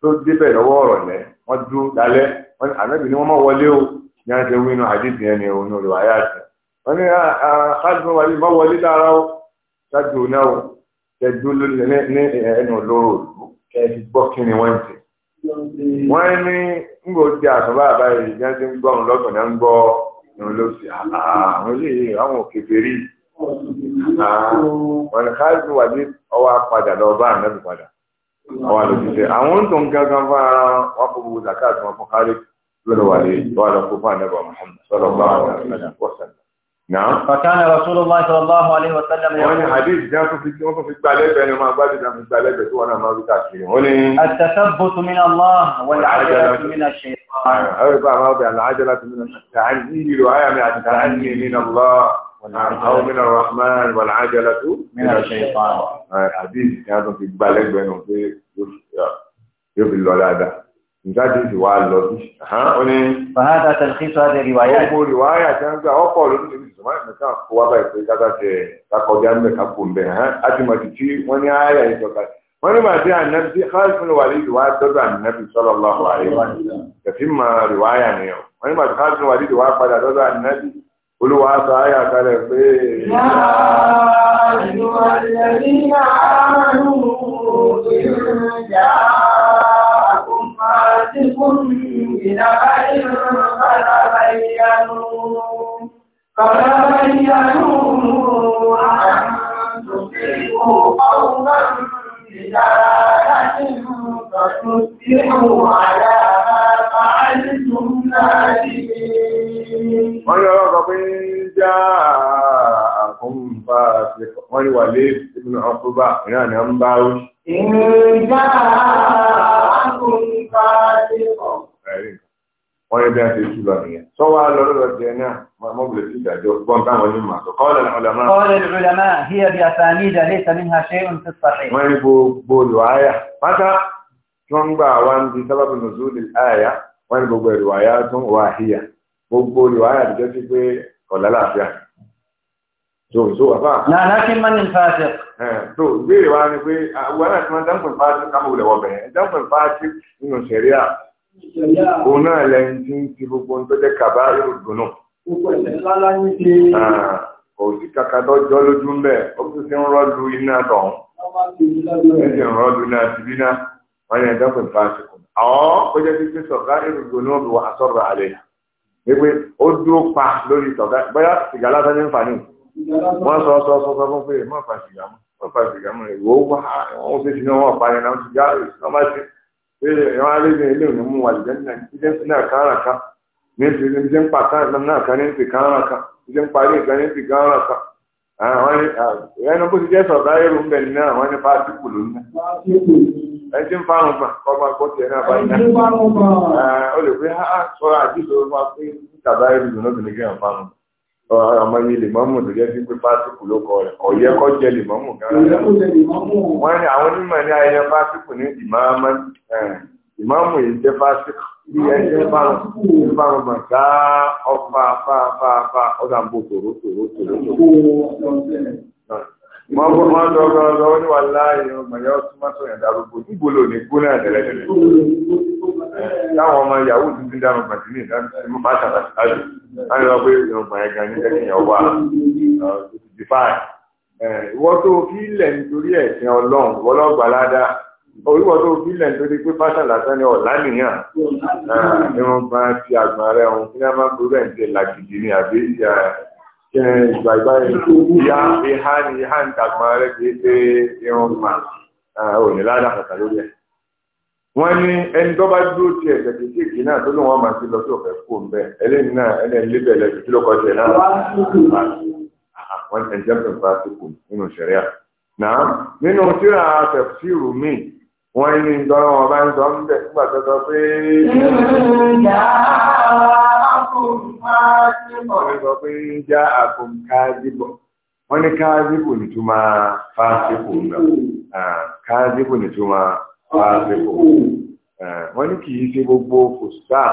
tó débẹ̀ lọ́wọ́ ọ̀rọ̀ lẹ́ wọ́n dúró lálẹ́ àbẹ́bí ni wọ́n mọ̀ wọlé o ní wọ́n ti wí inú àdìsí ẹni o nínú ìwà ayé àti wọ́n ní káàtì wà lójọ wọlé dára o ṣáàtì náà o ṣẹ́jú lórí ẹni wọ́n ní ngbò ti àtúnbà báyìí ní ń gbọ́ òun lọ́sàn-án ń gbọ́ òun ló sì àwọn eléyìí àwọn òkè fèrè wọn ká ló wà ní ọwọ́ apàdà lọ bá padà àwọn ń tún gángan fún ara wọn kò zakat wọn fún wà نعم فكان رسول الله صلى الله عليه وسلم يقول وانا حديث جاء في في التعليب يعني ما بعد في بالي بس وانا ما بتاكل التثبت من الله والعجلة من الشيطان هو آه، بقى ما بين العجلة من التعني رعاية يعني تعني من الله أو من الرحمن والعجلة من الشيطان آه، حديث يعني في بالك بينهم في يبي آه، الولادة نجد ti wà lọ sí. fàhádà tẹlifíṣọ́ àti rìwáyà. ó mú rìwáyà ṣùgbọ́n ìmọ̀ta kó wá báyìí pé káká jẹ kakọjá ń bẹ kakó ń bẹ hàn ájúmọ̀tì tí wọ́n ní ààyè ìjọba wọ́n ní màdí ànábi tí káàlùfún wà lídìí wá dọ́dọ̀ ànábi sọ́lọ́ lọ́wọ́ àríwá kẹfí mọ rìwá àyà nìyẹn wọ́n ní màdí káàlùfún wà lídìí wá padà dọ́dọ̀ ànábi olúwa sọ àyà kalẹ̀ pé. يا أيها الذين آمنوا فتبينوا أن تصيبوا قوما بجهالة فتصبحوا على ما فعلتم نادمين. wọ́n yọ̀rọ̀ sọ pé ń já àkúnfà wọ́n ní wà lé ìbùnà ọ̀túbà ní àná ń bá ó. ìrìn já àkúnfà ṣe kọ̀ wọ́n bí a ṣe tú lọ nìyẹn. sọ wá lọ́rọ̀ jẹ náà mọ́ bìlẹ̀ sí ìdájọ́ gbọ́n táwọn ní màá sọ kọ́ọ̀lẹ̀ ọ̀làmá. kọ́ọ̀lẹ̀ ọ̀làmá hí ẹbí àtàní ìdàlẹ́ ìsàmì àṣẹ ìṣẹ̀ṣẹ̀. wọ́n ní gbogbo olùwáyà pátá tí wọ́n ń gbà wá ń di sábàbí nùsùlù àyà wọ́n ní gbogbo olùwáyà tó ń wà híyà gbogbo olùwáyà tó jẹ́ sí pé ọ̀là láàfíà. tó òun náà lẹ́yìn tí ń ti gbogbo ń tọ́jẹ́ kàbá ìròdùn náà. kò sí kàkà dọ́jọ́ lójú ń bẹ̀ ó tún ti ń rọ́ọ̀lù iná tọ̀hún ẹ̀ sì ń rọ́ọ̀lù iná tìbí náà wọ́n yẹn dọ́pẹ̀ fásitì. àwọn ó jẹ́ títí sọ̀gá ìròdùn náà bí wọ́n asọ́rọ̀ àlẹ́ wípé ó dúró pa lórí sọ̀gá bóyá sìgá lásán ní nfààní wọ́n sọ sọ sọ sọ fún pé má fa sìgá mọ́ fa sìgá mọ́ ìwọ wá wọ́n fi sinú wọn pa yẹn náà sìgá ẹ̀rọ arẹ́gbẹ̀ ilé òní mú wàlìjẹ́ náà kára kan ní ti ní ti ń pa kára náà kan ní ti kára kan ní ti ń parí ìkan ní ti kára kan. àwọn ẹni bó ti jẹ́ sọ̀tà ẹrù ń bẹ̀ ní náà wọ́n ní a ló ń ná. ẹni tí ń fárun gbà kọ́ máa gbọ́ tiẹ̀ náà báyìí náà. ó lè pé sọ́ra àdìsọ́ máa pé tàbá ẹrù lónà tó ní kí wọ́n fárun ọmọ yìí lè mọ́mù tó jẹ́ sí pé fásitì ló kọ rẹ̀ ọ̀yẹ́ kọ́ jẹ́ lè mọ́mù gan-an. wọ́n ní àwọn onímọ̀ ní ayẹyẹ fásitì ní ìmáàmù ìmáàmù yìí jẹ́ fásitì bí ẹjẹ́ bárùn bá dá ọfà fáfáfá ọ̀dà ń bò tòrótòrótòró. Mọ́ bọ́ máa ń dọ́gbọ́ ọ̀dọ́ ó ní wà láàyè ọmọ ìyá ọtún máa sọ̀yàn darúgbó níbo ló ní gbóná àtẹ̀lẹ́tẹ̀lẹ́. Táwọn ọmọ ìyàwó ti ti dáhùn pàtí ní ìdáhùn tí mo máa tàbí àjò. Wọ́n ní lọ pé ọmọ ẹ̀ gan ní jẹ́ kí ìyàwó wà ti fáì. Ìwọ́ tó fi ilẹ̀ nítorí ẹ̀sìn Ọlọ́run wọ́lọ́gbà ládàá. Oríwọ́ tó fi ilẹ̀ nítorí pé fásitì lásán ni ọ̀la nìyàn. Ní wọ́n bá ti àgbọ̀n rẹ̀ òun ìgbà ìgbà ìyá ìhá ni ìhá ń dàgbà rẹ̀ kì í ṣe irun mà ò ní ládà kàkà lórí ẹ̀. wọ́n ní ẹni tó bá dúró ti ẹ̀sẹ̀ kéékèèké náà tó lóun wọn máa ti lọ sí ọ̀fẹ́ kó ń bẹ̀ ẹlẹ́ni náà ẹni ẹni lébẹ̀ lẹ́sẹ̀ tí ló kọ́ tiẹ̀ náà. wọ́n ti ẹ̀jẹ̀ pẹ̀lú pàṣípò nínú ìṣẹ̀rẹ́ à. náà nínú tíra tẹ̀síìrù míì wọ́n ní ìdánwò ọba ń sọ ń bẹ̀ nígbà tó sọ pé. ìrìn Ọ̀rẹ́gbọ́ pé ń já àkùn káàdìbọ̀. Wọ́n ní káàdìbò ní túmọ̀ fásitìkò náà. Káàdìbò ní túmọ̀ fásitìkò. Wọ́n ní kìí ṣe gbogbo fòstáà.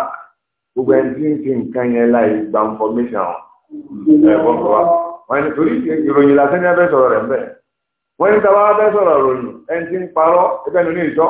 Gbogbo ẹni tí ń ṣe nǹkan yẹn láì gba information ẹ̀gbọ́n kọ́ wa. Wọ́n ní torí ìròyìn lásán ní abẹ́ sọ̀rọ̀ rẹ̀ ń bẹ̀. Wọ́n ní tàbá abẹ́ sọ̀rọ̀ ìròyìn ẹni tí ń parọ́ ẹgbẹ́ nínú ìtọ́.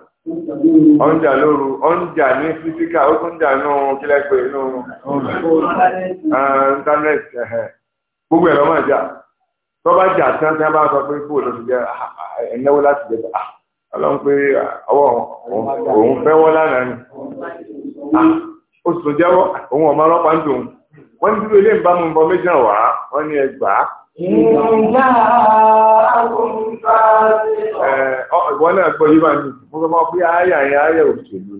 ọ̀njà lóru ọ̀njà ní físíkà ó tún jà ní ohun kílẹ̀pẹ̀ inú íńtánẹ́ẹ̀tì eh, ẹ̀hẹ̀ gbogbo ẹ̀rọ máa jà tó bá jà tí wọ́n ti bá sọ pé kó lóṣù jẹ́ ah, ah, ẹ̀náwó láti jẹ́ ah, ọlọ́run pé ọwọ́ òun fẹ́wọ́ lánàá ni ó sì tó jẹ́wọ́ òun ọ̀ma ọlọ́pàá ń dùn wọ́n ní dúró ilé ìbámu information wá wọ́n ní ẹgbàá Ìwọ́n náà gbọ́ yíwá ní ìfúnfẹ́ mọ́ pé ayà ẹ̀ ayà òṣèlú.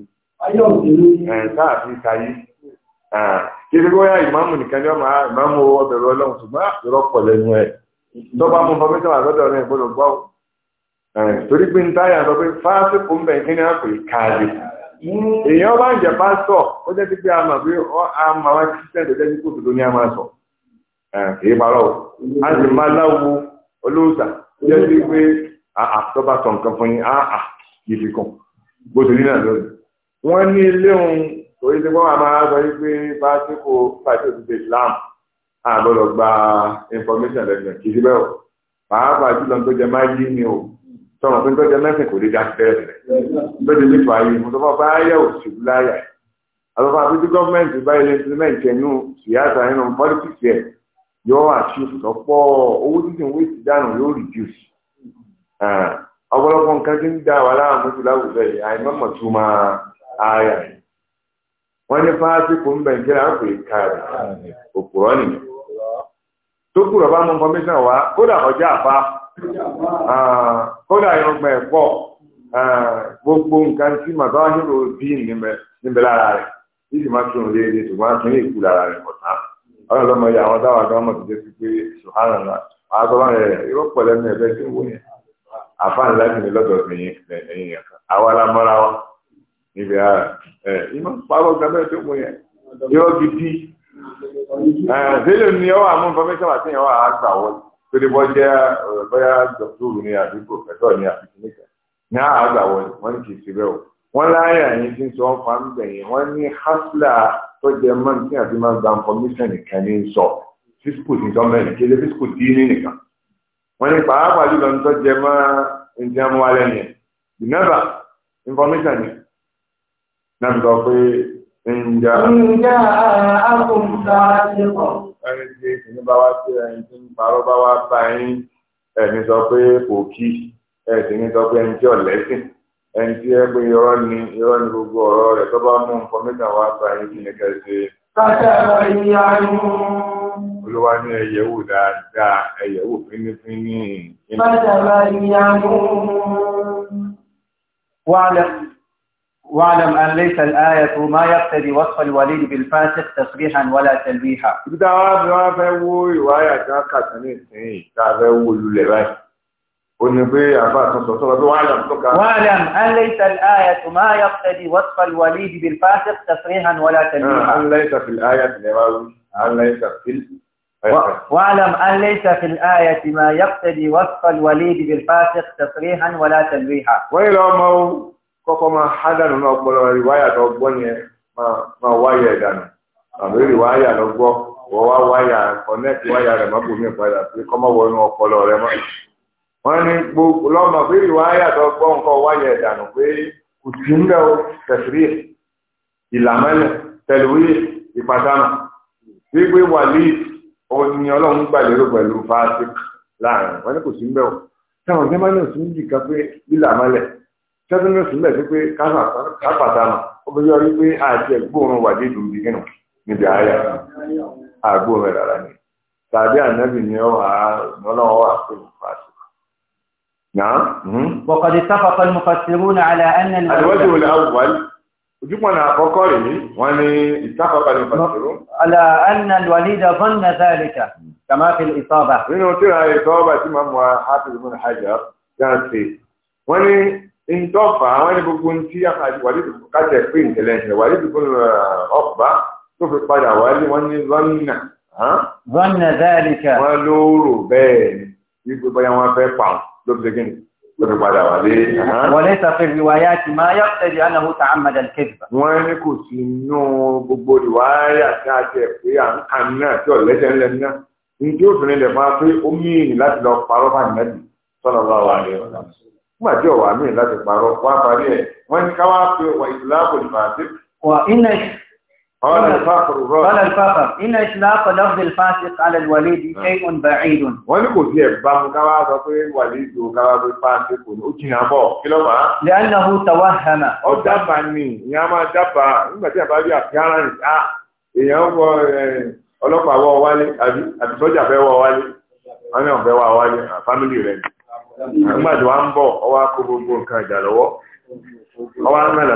Ayà òṣèlú. Ẹ̀ táà fi kayé. Kí ṣe bóyá ìmáàmù nìkan ní ọmọ ìmáàmù ọbẹ̀rẹ̀ ọlọ́run lẹ́nu ẹ̀. Tọ́ba mú àgọ́dọ̀ gbọ́. Torí pé ń táyà pé fásitì ń a pè káàdì èèyàn bá ń jẹ pásítọ̀ ó jẹ́ èyí parọ́ o a sì máa láwo olóòsà jẹ́ sí pé àtọ́bà sọ nǹkan fún yín àà yìí kan bó ti rí náà lónìí. wọ́n ní ilé òun torí tí wọ́n máa sọ wípé bá tí kò pàṣẹ òṣìṣẹ́ Islam àgbọ̀dọ̀ gba information lẹ́sìn kì í sí bẹ́ẹ̀ o pàápàá jùlọ tó jẹ máa yí ni o tọrọ pé tó jẹ mẹ́sìn kò lè dá sí bẹ́ẹ̀ rẹ̀ tó jẹ nípa ayé mo tó fọ́ bá yẹ òṣèlú láyà àtọ́fà àti tí gọ́ọ̀mẹ̀ntì báyìí lè implement ẹnu síyáàtà nínú politics yẹn yóò àṣìṣe lọ́pọ̀ owó títí owó ti dànù yóò reduce ọ̀pọ̀lọpọ̀ nǹkan tí ń dá wa láàmú jù láwùjọ yìí àìmọ́mọ̀ tó máa ààyà wọ́n ní fáásì kò ń bẹ̀ ń jẹ́ra pé káàdì òpùrọ́ nìyẹn tó kúrò bá mú information wá kódà ọjà àbá kódà irungba ẹ̀pọ̀ gbogbo nǹkan tí màtá wá nílò bí níbẹ̀ lára rẹ̀ ìdí máa tún lé ní ṣùgbọ́n a tún lè kú lára rẹ̀ kọ̀tán ọ̀rọ̀ lọ́mọ yà àwọn dáwà gan mọ̀ tó jẹ́ sí pé ṣùhánà náà àtọ́wọ́ rẹ̀ irọ́ pẹ̀lẹ́ ní ẹ̀fẹ́ tí ń wò yẹn àfáàní láti ní lọ́dọ̀ ẹ̀yìn ẹ̀yìn àwa la mọ́ra wa níbi ara ẹ̀ ìmọ̀ pàrọ̀ gan mẹ́rin tó wò yẹn yọ gidi ṣẹlẹ̀ ni ọwọ́ àmú information àti ìyàwó àgbà wọlé tó lè bọ́ jẹ́ bóyá dọ́kítọ́rù ni àbí pòfẹ́tọ̀ ni àbí kìnìkan ní àgbà wọlé wọ́n kì í ṣe bẹ́ẹ̀ wọ́n láyà yín tí ń sọ ọ́n ń bẹ̀yìn wọ́n ní hásílà tó jẹ mọ́ ní àti máa gba information nìkan ní sọ fíṣkù ti sọ mẹ́rin kéde fíṣkù tí ní nìkan wọ́n ní pàápàá jùlọ ní tó jẹ mọ́ ní ti mú alẹ́ yẹn ìnáàbà information ni náà ń sọ pé ǹjẹ́ ǹjẹ́ àkùnkà ti pọ̀. ẹni tí ẹni bá wá sí ẹni tí ń parọ́ bá wá bá yín ẹni sọ pé òkì ẹni sọ pé ẹni tí ọ̀lẹ́sìn ẹni tí ẹ pé irọ́ ni irọ́ ni gbogbo ọ̀rọ̀ rẹ̀ tó bá mú nǹkan mẹ́ta wá bá yín kí ni kẹsẹ̀. Kàtàrà ìyá inú. Olúwa ní ẹ̀yẹ̀wò dáadáa, ẹ̀yẹ̀wò fínífíní. Kàtàrà ìyá inú. واعلم أن ليس الآية ما يقتضي وصف الوليد بالفاسق تصريحا ولا تلويحا. Ibi táwa fi wá fẹ́ wó ونبي عباس صلى الله عليه وسلم أن ليس الآية ما يقتدي وصف الوليد بالفاسق تصريحا ولا تنبيها أن ليس في الآية أن ليس في واعلم أن ليس في الآية ما يقتدي وصف الوليد بالفاسق تصريحا ولا تنبيها ويلا مو كما حدا نقول رواية أبوني ما ما وايا دانا رواية نقول wọ́n wá كونت وايا ما rẹ̀ mọ́kùnrin ìpàdà pé kọ́mọ́wọ́ inú wọ́n ní gbogbo lọ́mọ pé ìwà ayàtọ̀ gbọ́ nǹkan wáyé ẹ̀dànù pé kò sí ń bẹ̀ o tẹ̀sírí ìlàmẹ́lẹ̀ tẹ̀lúwí ìpàdánù wípé wàlí òní ọlọ́run gbà lérò pẹ̀lú fásitì láàrin wọ́n ní kò sí ń bẹ̀ o táwọn ọ̀gá máa ń sùn jì kan pé ìlàmẹ́lẹ̀ tẹ́tún ní sùn bẹ̀ sí pé kápàdánù ó fi yọrí pé àti ẹ̀gbóòrùn wàdí ìdùn bí kínú níbi ààyè àgbóòrùn ẹ̀ rárá ni tàbí ànábì ni ọ نعم وقد اتفق المفسرون على أن الوجه الأول جمعنا فقره وأن اتفق المفسرون على أن الوليد ظن ذلك كما في الإصابة من ترى الإصابة إمام وحافظ بن حجر كانت فيه وأن انتوفى وأن بكون فيها وليد قد يكفين تلانشة وليد بن أقبى. شوف الطلع والي وأن ظن ظن ذلك ولورو بين يقول بيان وفي بعض ló fi segin ló fi padà wà lé. wọlé sàfẹ́ riwaya ti máa yọ ẹ̀dì anahu ta amada kẹ́dìbà. wọ́n ní kò sí inú gbogbo riwaya tí a jẹ pé à ń kà náà tí ọ̀lẹ́sẹ̀ ń lẹ́nu náà njẹ́ obìnrin lè máa pé ó mìíràn láti lọ parọ́ bá nàbì sọ́nà bá wà ní ọ̀la. nígbà tí ọ̀wà mìíràn láti parọ́ wá parí ẹ̀ wọ́n ní ká wá pé wà ìlú láàbò ìbàdí. wà قال الفاخر قال الفاخر إن إطلاق لفظ الفاسق على الوليد شيء بعيد ونقول في بام كواب الوليد وكواب الفاسق وجينا بو كلما لأنه توهم أو دبني يا ما دبا إما تبا يا كان آه يا هو ọlọ́pàá wọ wálé àbí àbí sọ́jà fẹ́ wọ wálé wọn náà fẹ́ wọ wálé fámìlì rẹ nígbà tí wọn ń bọ̀ ọwọ́ akó gbogbo nǹkan ìjà lọ́wọ́ ọwọ́ anáàlà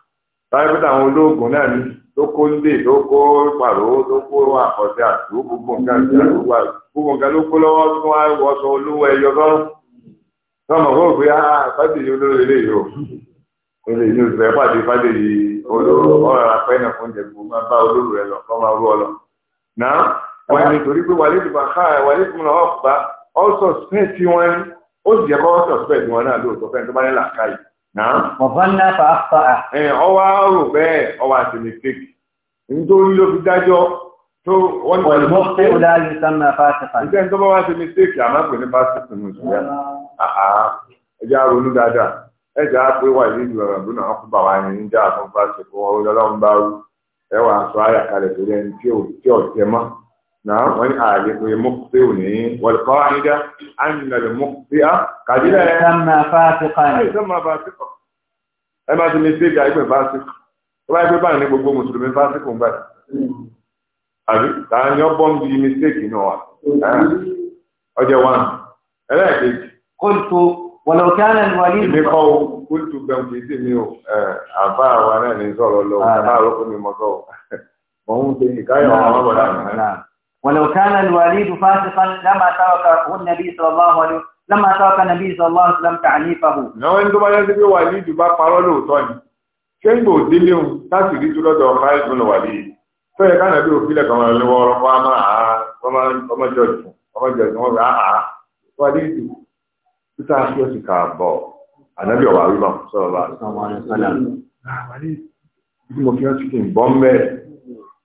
báyìí pé àwọn olóògùn náà ní tó kó lè tó kó pàrọ̀ tó kó àkọsí àti gbogbo nǹkan àti àgbà gbogbo nǹkan ló kó lọ́wọ́ tó wá wọṣọ olówó ẹyọ lọ́rùn tọmọ fún òfin ah, ah, fàdéyí olóró eléyìí o eléyìí ní oṣù ẹ̀fà dé fàdéyí olóró ọ̀rọ̀ apẹ́ náà fún jẹ̀kú máa bá olóró rẹ lọ kọ́ máa rú ọ lọ. náà wọ́n ní torí pé wàlẹ́ ìdìbò àká wàlẹ́ ìdìbò náà ọ̀pá ọ̀ sọ̀spẹ̀tì wọn ó sì jẹ́ kọ́ sọ̀spẹ̀tì wọn náà lóòótọ́ fẹ́ẹ́ tó bá ní làákàyè Mọ̀fánná fa afá à. Ẹ ọwá rò bẹ́ẹ̀ ọwá àti mistake. Èmi tó rí ló fi dájọ́ tó wọ́n ní wọ́n. Ọ̀dùnmọ́ pé ó dá yìí sánmà fásitì. Ìjẹ́ ní tó bá wá ṣe mistake àmọ́ pè ní fásitì nù sí yàrá. Ẹja ronú dáadáa. Ẹja pé wà ní ìlú ọ̀rọ̀ lónà ọkùn bà wá ní ìjà àtúnfà ṣe fún ọlọ́run bá rú. Ẹ wà sọ àyàkálẹ̀ tó lẹ́ni tí ò tẹ́ mọ́. نعم والمخطئ والقاعدة أن المخطئ قد يسمى فاسقا na فاسقا ẹ máa ti lè ṣe ìjà ìpè fásitì tó bá yẹ pé báyìí gbogbo mistake mm-hmm. wa o kóńtò bẹ́ẹ̀ kì wa ah. mi ولو كان الوليد فاسقا لما تركه النبي صلى الله عليه لما ترك النبي صلى الله عليه وسلم تعنيفه نو ان دوما يزي بي وليد با parọ́ lóòótọ́ ni ṣé ń gbò délé òun láti rí tó lọ́dọ̀ ọmọ ẹ̀sùn lọ wàlẹ́ yìí tó yẹ káàdà bí òfìlẹ̀ kan máa lọ́wọ́ ọ̀rọ̀ fún àmà ọmọ jọ̀jù ọmọ jọ̀jù wọn rà á wàlẹ́ yìí tó tá a fi ọ̀sìn kà bọ̀ ànábì ọ̀wà rí náà sọ̀rọ̀ bá wàlẹ́ yìí mo fi ọ̀sìn kì í bọ́ mẹ́ẹ̀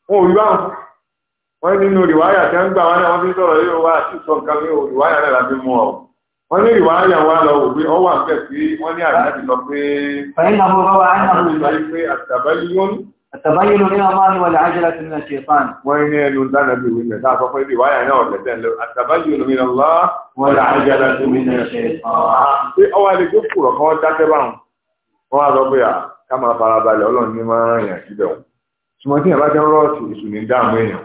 wọn ò rí báwọn wọ́n nínú rìwáyà tí wọ́n gbà wá náà wọ́n fi sọ̀rọ̀ yóò wá sí sọ nǹkan mi ò rìwáyà náà láti mú ọ. wọ́n ní rìwáyà wa lọ wò pé ọ wà bẹ̀ pé wọ́n ní àdínábì sọ pé. pé wọ́n ní ẹnu dánàbí wí mẹ́ta sọ pé rìwáyà náà ọ̀tẹ̀tẹ̀ lọ àtàbáyún ní ọlá wọ́n lè ájẹ́lá ti nà ṣe fáàn. pé ọwọ́ àlejò kùrọ̀ kan dákẹ́ báwọn wọ́n á sọ pé à ká máa farabalẹ̀ ọlọ́run ní máa ń rìn àti bẹ̀rù. sùmọ́tì yàrá jẹ́ rọ́ọ̀sì ìṣù dáàmú èèyàn.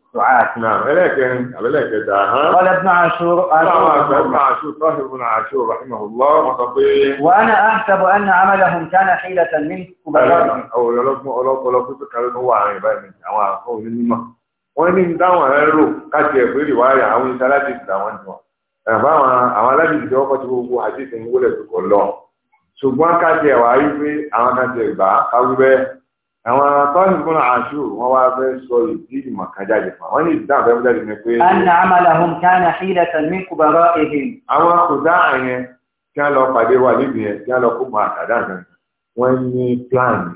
دعاة نعم لكن لكن قال ابن عاشور ابن عاشور طاهر بن عاشور رحمه الله وتطيع وانا احسب ان عملهم كان حيلة منه كبراء او لو لو لو كنت كان هو عن بقى من عوام او من wọ́n ní dáwọn ẹrù káàkiri ẹ̀fẹ́ ìwà rẹ̀ àwọn iṣẹ́ aláàbí ti dáwọn jù àbáwọn àwọn aláàbí ti ọkọ̀ tí gbogbo àti ìsìn wọlé tó kọ̀ lọ ṣùgbọ́n káàkiri ẹ̀wà ayé pé àwọn káàkiri ẹ̀gbá káwí bẹ́ẹ̀ àwọn tọ́sí fún àṣù wọn wá fẹ́ sọ ìdí ìmọ̀ kan jáde fún wọn ní ìdá àbẹ́mú jáde ní pé. anna amalahum kana hilatan min kubara'ihim. àwọn kùdá àyẹn kí wọn lọ pàdé wa níbi yẹn kí wọn lọ kó máa kàdá nǹkan wọn ní pílánì.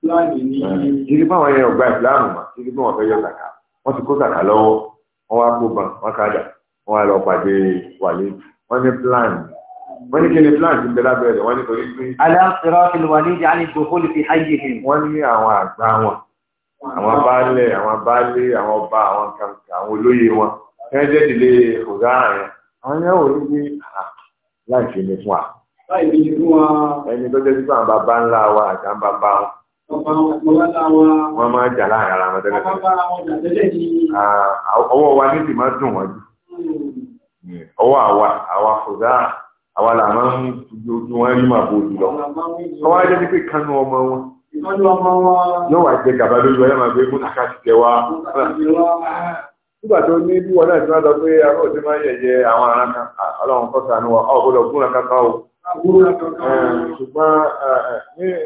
pílánì ní. kiri yẹn ọgbà ìpìlánì wọn kiri fún wọn fẹ́ yọ kàkà wọn ti kó kàkà lọ́wọ́ wọn wá kó bàn wọn kàdà wọn lọ pàdé wàlẹ wọn ní pílánì wọ́n ní kí ni plan ti bẹ̀rẹ̀ abẹ́rẹ̀ wọ́n ní torí pé. aláǹsirọ́ ti lọ wà ní ìjà ní gbòkólù fi háyé hìn. wọ́n ní àwọn àgbà wọn àwọn baálẹ̀ àwọn baálé àwọn ọba àwọn kankan àwọn olóyè wọn kí wọ́n jẹ́ ìdílé ọ̀gá yẹn àwọn yẹn wò ó ní ah, láì fi ní fún wa. láì fi ní fún wa. ẹni tó jẹ́ sí àwọn bàbá ńlá wa àti àwọn bàbá wọn. Wọ́n máa ń jà láàrin ara wọn tẹ́lẹ̀ tẹ́lẹ̀. Ah, ọwọ́ wa ní ti máa dùn wọ́n jù. Hmm. Hmm, ọwọ́ àwa, àwa kò dáa àwa là máa ń ojú wọn rí màá bo jùlọ wọn wá jẹ́ pé kánú ọmọ wọn yóò wá jẹ gàba lójú ọyá máa gbé múnà ká ti tẹ wá nígbà tó ní bí wọn náà ti máa sọ pé àwọn òsè máa yẹ̀yẹ́ àwọn ará kan Ọlọ́run kọ sànú wa ọ gbọ́dọ̀ gúnra kankan o ṣùgbọ́n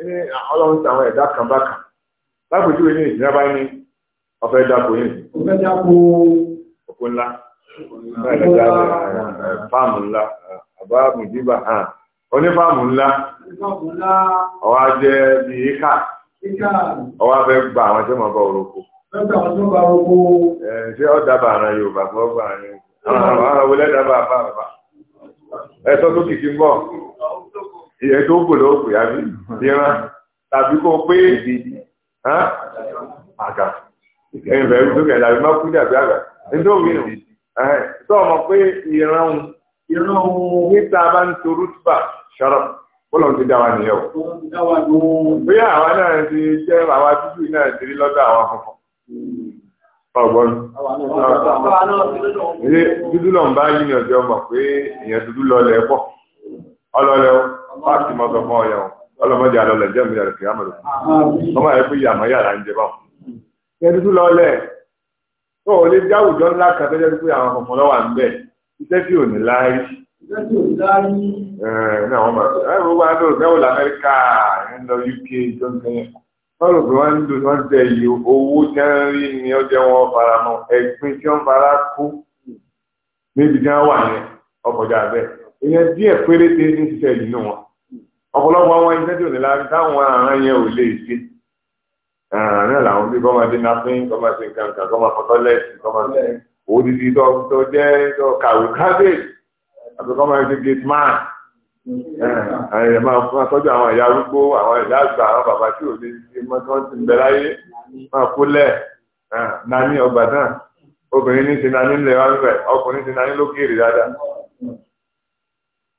ní Ọlọ́run ti àwọn ẹ̀dá kan bákan lápòjúwe ní ìdílé bá ní ọ̀fẹ́ dáko yìí ọ̀fẹ́ dáko òkú ńlá fáàmù ńlá àbá mùdíbà hàn onífàmù ńlá ọwá jẹ́ bí ìkà ọwá fẹ́ gba àwọn tí wọ́n bá oroko. ṣé ọ dábàá ara Yorùbá fún ọgbà àárín àwọn ará wọlé dábàá bá bàbá ẹ̀tọ́ tó kìkì ń bọ̀ ìyẹn tó kù ló kù yàbí ìran tàbí kó pé àgà ẹ̀yìn bẹ̀rù tó kẹ̀ dàbí má kú dàbí àgà nítorí nù tó ọmọ pé ìran ìran ohun níta bá ń torú tùbà ṣọ́rọ̀ bọ́lọ̀ ti dá wa nìyẹn o. bóyá àwa náà ti jẹ́ àwa dúdú náà ti rí lọ́dọ̀ àwa funfun. ọgbọ́n ilé dúdú lọ́n bá yí ni ọjọ́ mọ̀ pé èèyàn dúdú lọ́lẹ̀ pọ̀ ọlọ́lẹ̀ o fáàkì mọ́ sọ fún ọyọ o ọlọ́mọdé alọ́lẹ̀ jẹ́ mi yàrá kìí àmọ̀lẹ̀ ọmọ yẹn pé yàmọ́ yàrá ń jẹ báwọn. ìyẹn dúdú lọ́lẹ̀ tó o lè jáwùjọ ńlá kan tó jẹ́ pé àwọn ọmọ lọ́wọ́ à ń bẹ̀ iṣẹ́ tí ò ní láárí. iṣẹ́ tí ò ní láárí. ẹ̀ẹ́n náà wọ́n máa sọ ẹ̀rọ wa lọ ń lọ UK tó ń kẹ́yìn. wọ́n rò pé wọ́n ń dùn wọ́n tẹ iye owó tí wọ́n rí ni ọjọ́ wọn fara mọ́ ẹ̀gbin tí wọ́n fara kú níbi tí wọ́n wà yẹn ọkọ̀jà bẹ́ẹ̀. ìyẹn díẹ̀ péréte ní ṣiṣẹ́ yìí nù wọn. ọ̀pọ̀lọpọ̀ àwọn iṣẹ́ tí ò ní láárí táwọn àrán yẹn ò lè ṣe náà làwọn bí kọ́ máa dín náà fún kọ́ máa odidi tó jẹ́ tó kàwé cabbage àbíkọ́ máa ṣe gate man ẹ̀yẹ̀ máa tọ́jú àwọn ìyá arúgbó àwọn ìyá àgbà àwọn bàbá tí ò lè ṣe mọ́tò ti ń bẹ láyé máa kúlẹ̀ nání ọgbà náà obìnrin ní ṣe nání ńlẹ̀ wọn bẹ̀ ọkùnrin ṣe nání lókèrè dáadáa.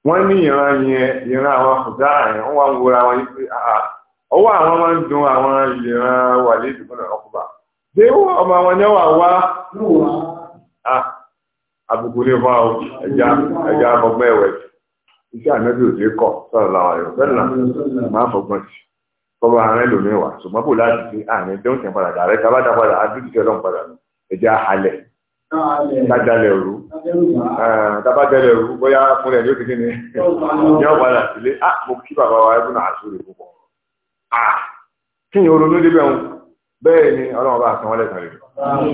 wọ́n ní ìran yẹn ìran àwọn kùdá àyàn wọ́n wá ń wọra wọn yìí pé ọwọ́ àwọn máa ń dun àwọn ìran wàlẹ́ ìdìbò náà ọkùnrin. ọmọ àwọn yẹn wà wá? a àbùkù ní fa o ẹja ẹja ọgbọ́n ẹ̀wẹ̀ iṣẹ́ ànábì òde kọ̀ sọ̀rọ̀ làwọn ẹ̀rọ bẹ́ẹ̀ náà máa sí wà láti fi padà padà àdúgbò padà ẹja òru òru bóyá ó sílé ah mo kí bàbá wa ah kí ni débẹ̀ wọn bẹ́ẹ̀ ni ọlọ́run bá lẹ́sàn-án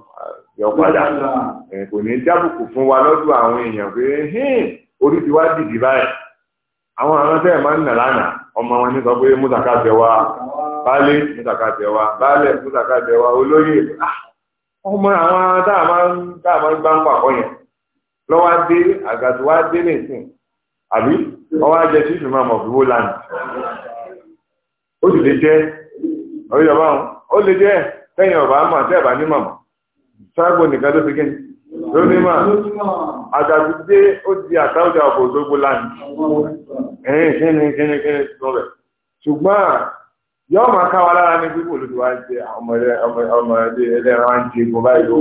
yọ padà kò ní dábùkù fún wa lọ́dọ̀ àwọn èèyàn pé orí ti wá dìdì báyìí àwọn àwọn tẹ́ẹ̀ máa ń nà lánàá ọmọ wọn ní sọ pé mútàkà jẹ wá baálé mútàkà jẹ wá baálẹ̀ mútàkà jẹ wá olóyè ah, ọmọ àwọn táà máa ń gbá ń pàkọ́ yẹn lọ́wọ́ dé àgàtú wá dé nìsín àbí ọwọ́ ajẹ ṣíṣù máa mọ̀ fún woland ó sì lè jẹ́ ọ̀rẹ́ ìjọba ó lè jẹ́ tẹ́yìn ọ̀bá mọ̀ tẹ́ẹ̀bá ní mọ̀mọ́ sáàgbọ̀n nìkan ló fi kí lónìí mà àdàbí dé ó di àtàwùjà ọkọ̀ òṣogbo lánìí ẹ̀yìn kíni kíni kíni rẹ̀ ṣùgbọ́n yóò máa ká wa lára ní pípò lójú wa jẹ ọmọ ń jẹ báyìí ó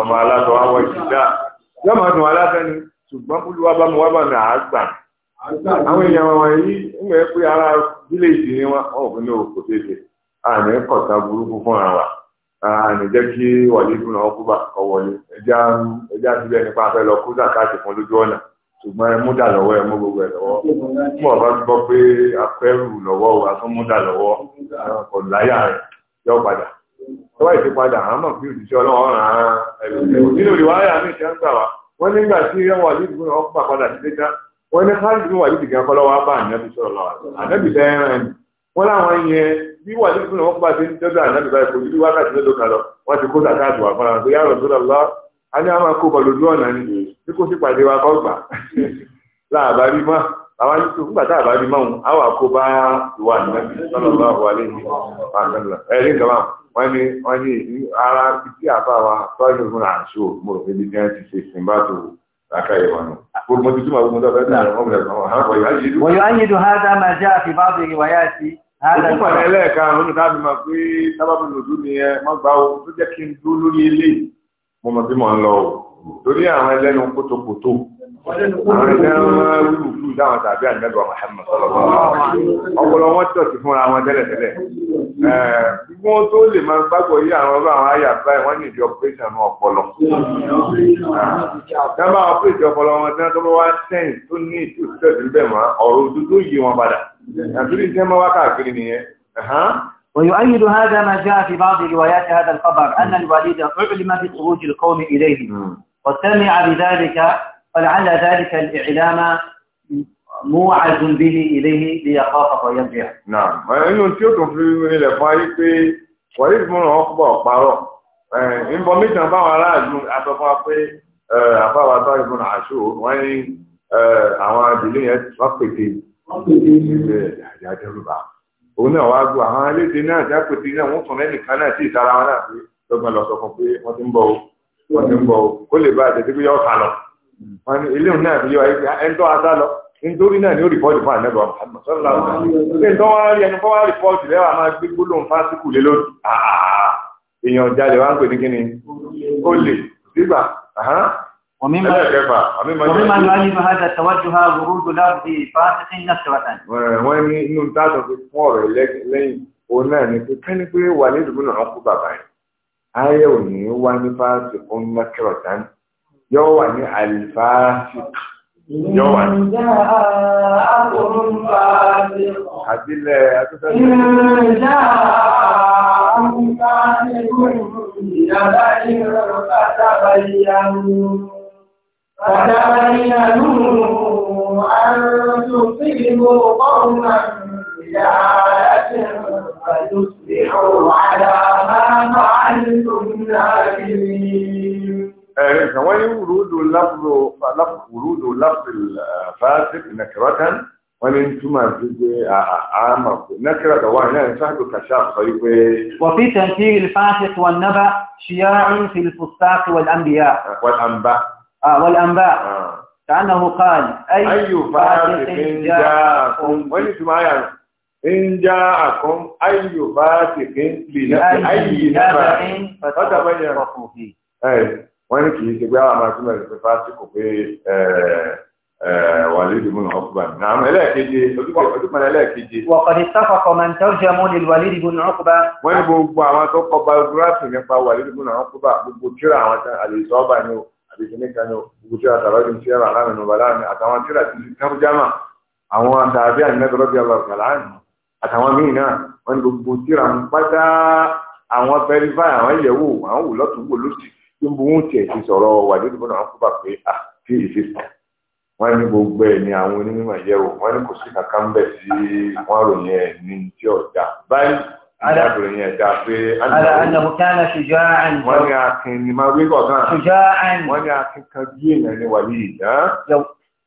ọmọ aláṣọ wa máa dùn wa ni ṣùgbọ́n wa bá mu wá bá mi àwọn èèyàn wọn yìí ń pé ara ni wọn ò fún ní òkòtò àmì ànìjẹ́ kí wọlé fún ọ kú bá kọ wọlé ẹjá síbẹ̀ nípa afẹ́ lọ kú zakati fún lójú ọ̀nà ṣùgbọ́n ẹ mú dà lọ́wọ́ ẹ mú gbogbo ẹ̀ lọ́wọ́ mú ọ̀bá gbọ́ pé àpẹ́rù lọ́wọ́ wa tún mú dà lọ́wọ́ kò láyà rẹ̀ yọ padà tọ́wọ́ ìfi padà àwọn mọ̀ pé òṣìṣẹ́ ọlọ́run rán ẹlòmíràn nínú ìwà ayà mi ti ń gbà wá wọ́n nígbà tí wọlé fún ọ kú bá padà sí wọ́n láwọn yẹn bí wà ní ìpínlẹ̀ wọn bá ti ń tọ́jú ànábì báyìí kò ní bí wákàtí mélòó kan lọ wọ́n ti kó sàkà àdùn àfọlá pé yàrá òdúrà lọ a ní àwọn akóbọ lójú ọ̀nà ni bí kò sí pàdé wa kọ́ gbà (laughs) láàbá rí mọ́ àwọn yusuf nígbà tá a bá rí mọ́ òun àwọn akóbá ìwà ànábì sọ́nà bá wà lẹ́yìn àgbẹ̀lá ẹ̀rí nǹkan báwọn wọ́n ní wọ́n ní ara tí àbá wa tọ́jú fún ويؤيد هذا ما جاء في بعض الروايات هذا الفرق ẹlẹ́ẹ̀kan ní káàbí máa pé sábàbí lòdú ni ẹ má gbá o tó jẹ́ kí n dúró lórí ilé mo mọ̀ sí mọ̀ ń lọ o torí àwọn ẹlẹ́nu kótókótó àwọn ẹgbẹ́ wọn rúrùkú dáwọn tàbí àdínẹ́gbà Muhammad ọpọlọ wọn tọ̀sí fúnra wọn tẹ́lẹ̀tẹ́lẹ̀ wọ́n tó lè máa gbàgbọ́ yí àwọn ọba àwọn àyà báyìí wọ́n nìdí ọpẹ́sàn ọpọlọ dábàá ọpẹ́sàn ọpọlọ wọn tí wọ́n tó bá wá sẹ́yìn tó ní ìtú ìtọ́jú bẹ́ẹ̀ mọ́ ọ̀rọ̀ ojú tó yí wọn padà àtúndì tí wọ́n wá káàkiri nìyẹn ويؤيد هذا ما جاء في بعض روايات هذا الخبر أن الوليد أعلم بخروج القوم إليه وسمع بذلك ولعل ذلك الإعلام موعز به إليه ليخاف ويرجع نعم وإن تيوتو في إلى فايت فايت من أخبار بارو إيه، إن بميت نبع على أجمل أتفاقي أفعل إيه، أتاك من عشور وإن أعوان بلين يتفقتي òun náà wáá gbọ́ àwọn alédè náà já pé ti náà wọ́n tún lẹ́nu kan náà sí ìsara wọn náà sí lọ́gbọ̀n lọ́sọ̀kan pé wọ́n wọn ni ilé òun náà fi yọ ẹni tó asá lọ nítorí náà ni ó rìpọ́ọ̀tì fún àmẹ́bọ̀ sọ́lá ọ̀hún ẹni tó wá rí ẹni tó wá rìpọ́ọ̀tì lẹ́wà máa gbé gbólóhùn fásitì lé lórí èèyàn jalè wá ń pè ní kíni ó lè sígbà ومما ومما يؤلف هذا التوجه ورود لفظ فاسق نكرة. wọ́n ní inú dáàtọ̀ fi fún ọ̀rọ̀ lẹ́yìn òun náà ni pé kẹ́ni pé wà ní ìdùnnú náà kú bàbá yẹn ayé yóò wà ní alifásik yóò wà ní. àbílẹ̀ atúfẹ́. ìrìnà àkùnfà ní kùnú ìyàrá ìrọ̀ àtàbàyàmù. فتبينوا أن تصيبوا قوما بعادة فتصبحوا على ما فعلتم نادمين ويورود لفظ ورود لفظ الفاسق نكرة ومن ثم عام نكرة وهنا شهد كشاف طيب وفي تنكير الفاسق والنبأ شياع في الفساق والأنبياء آه، والأنباء آه والأنباء آه. كأنه قال أي, أي فاسق جاءكم وين سمعنا يعني. إن جاءكم أي فاسق لنفس أي نبأ فتبين فيه wọ́n ní kì í ṣe pé àwọn àmàtí mẹ́rin pé fásitì pé wàlídì múnà ọkùnbà ní àwọn ẹlẹ́ẹ̀keje ojúkọ̀ọ́ ẹlẹ́ẹ̀keje. wọ̀kọ̀dé sáfàkọ̀ máa ń tẹ́ ọjọ́ mọ́ nílùú wàlídì múnà ọkùnbà. wọ́n ní gbogbo àwọn tó kọ biográfì nípa wàlídì múnà ọkùnbà gbogbo tíra àwọn àlejò ọba ni o àbíkí níkan ni o gbogbo tíra tàbí tíra aláàmì nù bàlá mi àtàwọn tíra ti ti kán jámà àwọn àtàbí ànínẹ́tọ́lọ́bí ọlọ́ọ̀kàlá àtàwọn níbo wọn tiẹ̀ ti sọ̀rọ̀ wàdúrà bọ́nà wọn kó bá pé à ah, kí èsì sàn wọn ní gbogbo ẹ̀ ní àwọn onímọ̀ yẹ o wọn ní kò sí kankan bẹ̀ sí wọn ròyìn ẹ̀ ní tí ọ̀dà báyìí على على أنه كان شجاعا ولكن ما بيقول شجاعا ولكن كبيرا وليدا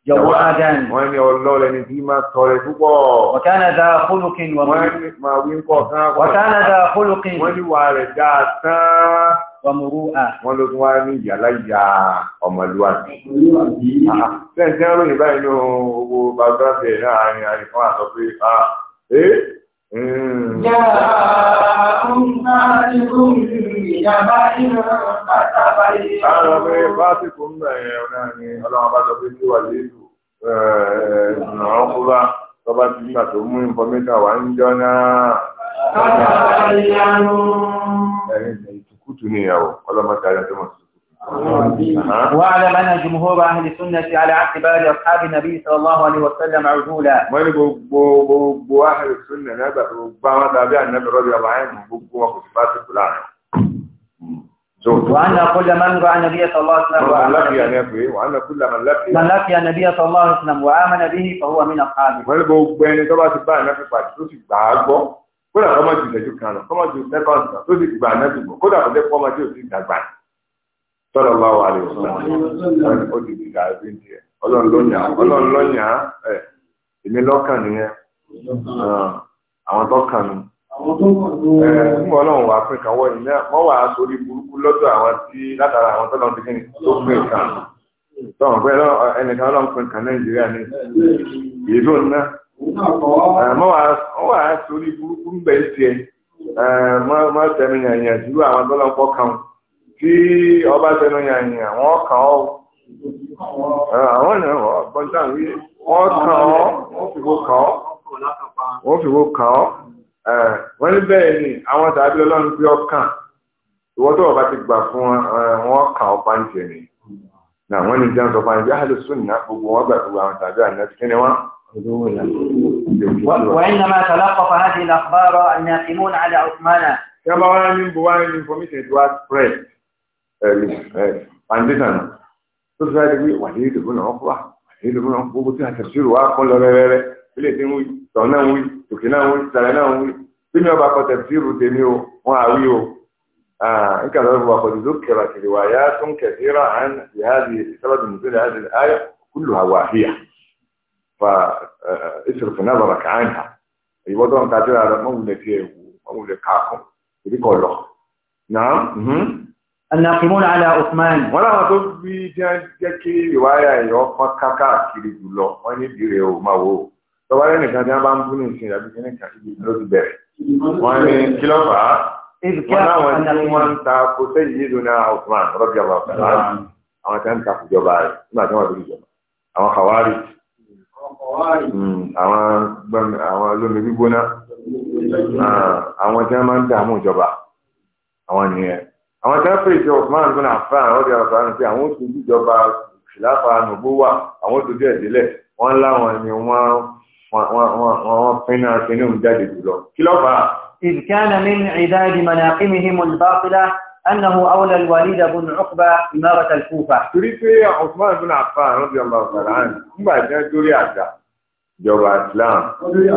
جوادا وأن يقول لني فيما طرفك وكان ذا خلق وكان ذا خلق ولوالداتا wàmúrú à. wọ́n ló tún wá ní ìyàlá ìyá ọmọlúwàbí. sẹ́ǹtẹ́ ń ròyìn báyìí ní owó biography ẹ̀ náà àárín àárín kan àsọ pé a ẹ́. yàrá ọ̀nà ìlú ìjàmbá ìlú pátápá yìí. a lọ pé fásitì ń bẹ̀rẹ̀ ọ̀nà ni ọlọ́run bá sọ pé kí wà lẹ́yìn ọ̀nà ọ̀kúrà tọ́ba ti nígbà tó mú information wà ń jọ náà. Ẹ̀yin sukutu ne yawo Allah mata ya zama واعلم أن جمهور أهل السنة على اعتبار أصحاب النبي صلى الله عليه وسلم عجولا. ما بو أهل السنة نبأ ربما تابع النبي رضي الله عنه بو وصفات فلان. وأن كل من رأى النبي صلى الله عليه وسلم لقي النبي وأن كل من لقي من لقي النبي صلى الله عليه وسلم وآمن به فهو من أصحابه. ما بو بين تبع تبع النبي بعد شو تبع kódà kọ́ máa ju ìṣẹ́jú kan lọ kọ́ máa ju sẹ́kọ̀ǹsì lọ tó sì gbà nẹ́ẹ̀tì bọ̀ kódà kọ́ jẹ́ kọ́ máa ju òsì ìdàgbà sọ̀rọ̀ bá wà lè sọ̀rọ̀ ó ti di ìdàgbé ń tiẹ̀ ọlọ́run lọ́nyà ọlọ́run lọ́nyà ẹ̀ èmi lọ́kàn nìyẹn àwọn tó kàn ní. Nígbà ọlọ́run wà pín kan wọ́n wà sórí burúkú lọ́dọ̀ àwọn tí látara àwọn tó lọ́n ti kíni tó pín kan. Tọ́wọ̀n pé ẹnìkan ọlọ́run pín kan Nàìjíríà ní ìlú náà. wọ́n wà á sórí burúkú ń bẹ̀ tiẹ̀ mọ́ tẹnu yànyàn jùlọ àwọn tó lọ pọ̀ ọba tẹnu yànyàn wọ́n kàn ọ́ àwọn ọ wọ́n gbọ́n tàn wí fi wo kàn ọ fi wo kàn ọ́ wọ́n ní bẹ́ẹ̀ ni àwọn tàbí ọlọ́run pé àwọn àwọn tàbí وإنما تلقف هذه الأخبار الناقمون على عثمان كما وانا من بوان من it was فريد عندنا تزال بي وليد بن عقبة وليد بن عقبة فيها تفسير واقع لا لا وي تعنان وي تكنان وي تلعنان وي بني أبقى تفسير تنيو وعويو آه إن كان وقد ذكرت روايات كثيرة عن هذه سبب نزول هذه الآية كلها واهية فاصرف نظرك عنها يبقى انت هتقول على مولى فيه ومولى كاكم دي كله نعم الناقمون على عثمان ولا هتقول بي جاكي روايه يوفى كاكا كيري جلو وني بيري وما هو tọ́wọ́ lẹ́nu kan tí wọ́n bá ń bú ní ìsìn ìyàbí kí ní kan ibi ló ti bẹ̀rẹ̀. wọ́n ní kí ló fà á. wọ́n láwọn tí wọ́n ń ta kó sẹ́yìn yìí lónà Osman rọ́bì àwọn ọ̀sán àwọn tí wọ́n ń ta kó jọba rẹ̀ nígbà tí wọ́n fi jọba àwọn kàwárì Hmm, àwọn olómi gbígbóná ah, àwọn tí wọ́n máa ń dààmú ìjọba àwọn nìyẹn àwọn tí wọ́n fèsì Osman bin Affan àwọn ọdẹ àfáà pé àwọn oṣù ìjọba ìlàfà nùgbó wà àwọn oṣù díẹ̀ délẹ̀ wọ́n láwọn ni wọ́n fínà fínà jáde jùlọ kí ló fà á. إذ كان من عداد مناقمهم الباطلة أنه أولى الوليد بن عقبة إمارة الكوفة تريد عثمان بن عفان رضي الله تعالى عنه بعد دوري عدا جواب الإسلام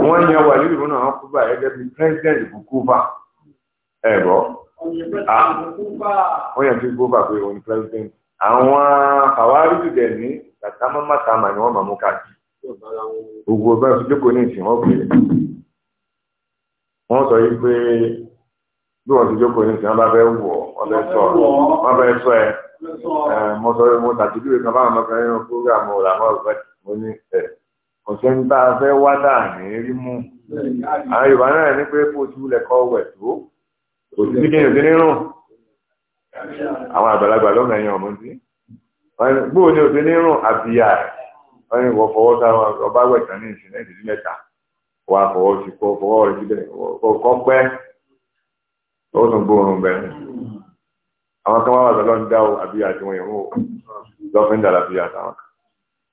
وين يا وليد بن عقبة يجب بريزيدنت الكوفة أيوه wọ́n yàn fi gbófà pé òun president àwọn àwárí dẹ̀ ní tàtàmọ́ mátàmà ni wọ́n máa mú káàkiri gbogbo ọba ìjókòó ní ìsìn wọn pè é wọ́n sọ yìí pé bí wọ́n ti jókòó ní ìsìn wọn fẹ́ wọ̀ wọ́n sọ wọ́n fẹ́ sọ ẹ mo sọ mo tàbí bí kan báwọn ọmọkùnrin nínú fúlgàmù làwọn ọ̀fẹ́ mo ní ẹ kò sẹ́ni tá a fẹ́ wá dà ní rí mú àwọn Yorùbá náà ní pé kó tu lẹ́kọ̀ọ́ wẹ̀ tó kò sí sí kéèyàn sí nínú àwọn àgbàlagbà lọ́nà ẹ̀yàn ọ̀mọ́ sí gbóò ní òsè nínú àbíyá wọ́n ní wọ́n fọwọ́ sáwọn ọba wẹ̀ tán ní ìsìn náà ìdílé mẹ́ta wọ́n fọwọ́ sí kọ́ fọwọ́ rẹ̀ kọ́ pẹ́ ó tún gbóòórùn àwọn kan wà dá o àbí àtiwọn ìrún o lọ́fíńdà àtàwọn kan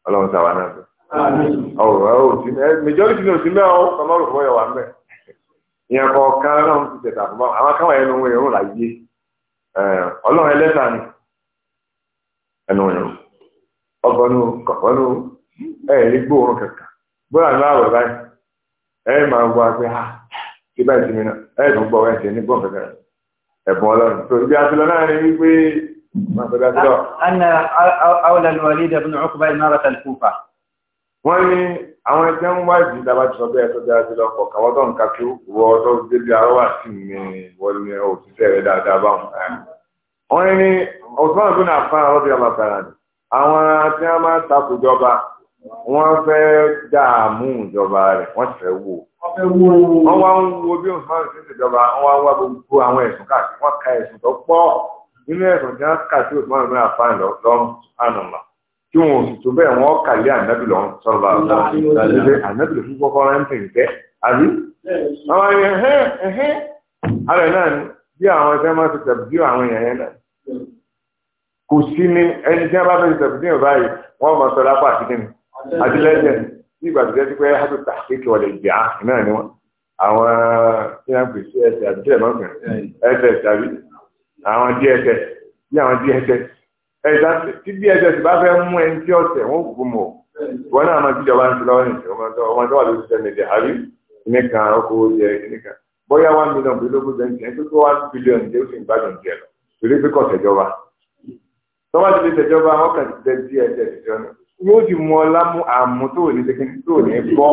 ọlọ́run sàwà náà bẹ́ẹ̀ ọ̀rọ̀ ẹ̀ sí ẹ majority ní òsì mẹ́ ọ kọ́mọ́ rò fọyọ̀ wà mẹ́ ìyẹn kọ́ kan náà ń tètè tà fún àwọn wọn láyé ọlọ́run ni ẹnu ẹ̀dùn gbọ́ ẹ̀sìn ní gbọ́n kankan ẹ̀bùn ọlọ́run tó ibi àtúlọ náà wípé máa fẹ́ dátúlọ. anna awla al-walid ibn Uqba imarata al-Kufa. wọ́n ní àwọn ẹgbẹ́ ń wá ìdí dábàá ti sọ bẹ́ẹ̀ tó dára sí lọ́pọ̀ káwọ́ tó ń ka kí wọ́ tó débi arọ́wà sí mi wọ́n ní òṣìṣẹ́ rẹ̀ dáadáa báwọn. wọ́n ní wọ́n fẹ́ dààmú ìjọba rẹ̀ wọ́n ti fẹ́ wò. wọ́n wá ń wo bí nǹkan ti ń ṣèjọba wọ́n wá wá gbogbo àwọn ẹ̀sùn káàkiri wọ́n ka ẹ̀sùn tó pọ̀ nínú ẹ̀sùn tí wọ́n kà sí òṣùwọ̀n ìgbà fáìn lọ́rùn ànàmà tí wọn ò sì tó bẹ́ẹ̀ wọ́n kàlé ànábì lọ́rùn sọ̀rọ̀ ànábì lọ́rùn kọ́kọ́ rántí nìkẹ́ àbí. àwọn èèyàn ẹ̀hẹ́ àwọn èèyàn yẹn kò sí ní ẹni tí wọ́n bá fẹ́ tẹ̀bù ní ọ̀bá yìí wọ́n mọ̀ sọ lápá àti kíni àti lẹ́jẹ̀ ní ìgbà tó jẹ́ pé hábù tàkìkì wọlé ìjà náà ni wọ́n àwọn tí wọ́n pè sí ẹsẹ̀ àbí tílẹ̀ mọ́kàn ẹsẹ̀ tàbí àwọn dss bí àwọn dss ẹ̀dá tí dss bá fẹ́ mú ẹni tí ọ̀sẹ̀ wọn kò fún mọ̀ wọn náà máa jíjọba ń lọ́wọ́ nìyẹn ọmọ tó wà lórí sẹ́ni ẹ̀dẹ̀ àbí nìkan ọkọ̀ oúnjẹ nìkan bóyá one million bí lógún jẹ́ nìyẹn tó tó one billion jẹ́ ó sì ń gbádùn díẹ̀ lọ torí pé kọ̀ tẹ̀jọba tọ́wọ́ ti lè tẹ̀jọba wọn kàn ti tẹ̀ dss jọ náà yóò sì mú ọ lámú àmú tó ní ṣe tó ní gbọ́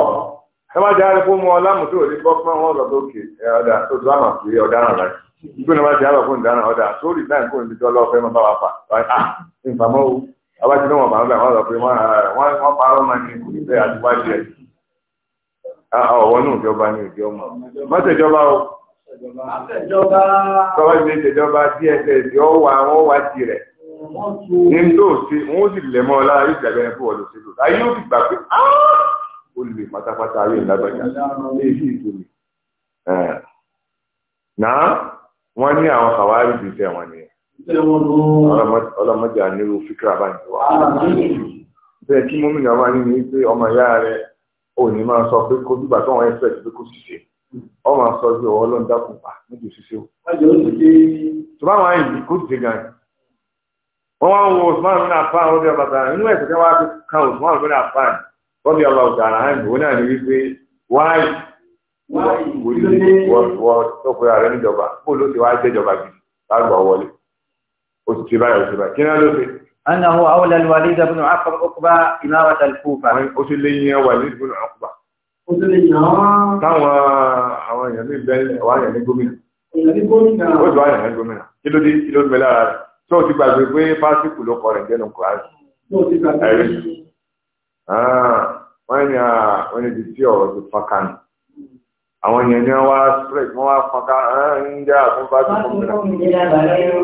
ẹwà jáde fún mú lámú tó ní gbọ́ fún wọn lọ sókè ọ̀dà tó tó àmà nígbà náà fún ìdáná tó rí náà kó níbi tó máa bá wa fà á ah, o àbá náà wọ́n bàbá wọn lọ pé wọ́n parọ́ máa ní ìfẹ́ àtiwájú ẹ̀ ah, náà ní o tọ́wọ́ ilé ìjọba díẹ̀ tẹ̀ ní tó ṣe wọn ó sì lẹ̀ mọ́ ọ lára yóò dàbí ẹni fún ọ lọ sí lò láyé yóò fi gbà pé olùwé pátápátá ayé ìlágbàjá léyìí ìtòlè náà wọ́n ní àwọn kàwárí bíi tẹ̀ wọ́n nìyẹn ọlọ́mọdé àníru fíkra bá ní wà bẹ́ẹ̀ kí mọ́mí náà máa nínú pé ọmọ ìyá rẹ̀ ò ní máa sọ pé kó dùgbà tó wọ́n ẹ̀ fẹ́ẹ̀ pé kó ṣiṣẹ́ ọmọ sọ pé ọwọ́ ló ń dákun pa níbi ṣiṣẹ́ o. tó bá wọn yìí kó ṣiṣẹ́ gan-an wọ́n wá ń wo Usman bin Affan rọ́bì ọ̀bàtà inú ẹ̀sìn tí wọ́n á fi kan Usman bin Affan rọ́bì ọ̀bàtà àhán ìwé náà ní wípé wáyé wò lè wọ tọ́pọ̀ ààrẹ níjọba bó ló ti wá jẹ́jọba gidi lágbà wọlé ó ti báyìí ó ti báyìí kí náà ló fi. أنه أولى الوليد بن عقبة إمارة الكوفة. ó ti lé yẹn Walid bin Uqba. ó ti lé yẹn wọn. táwọn àwọn èèyàn ní bẹ́ẹ̀ àwọn èèyàn ní gómìnà. èèyàn ní gómìnà. ó ti wá gómìnà kí ló dé kí ló dé lára rẹ̀ tó o ti gbàgbé pé fásitì ló kọ rẹ̀ jẹ́nu kùránì. Ah, wọ́n ní ah, wọ́n ní ti tí ọ̀rọ̀ ti fọ́nkàn. àwọn yẹn ní wọ́n wá spread wọ́n wá fọ́nkàn ah, ń jẹ́ àtúntò bá ti fún mi. wọ́n ní ìpìlẹ̀ rẹ̀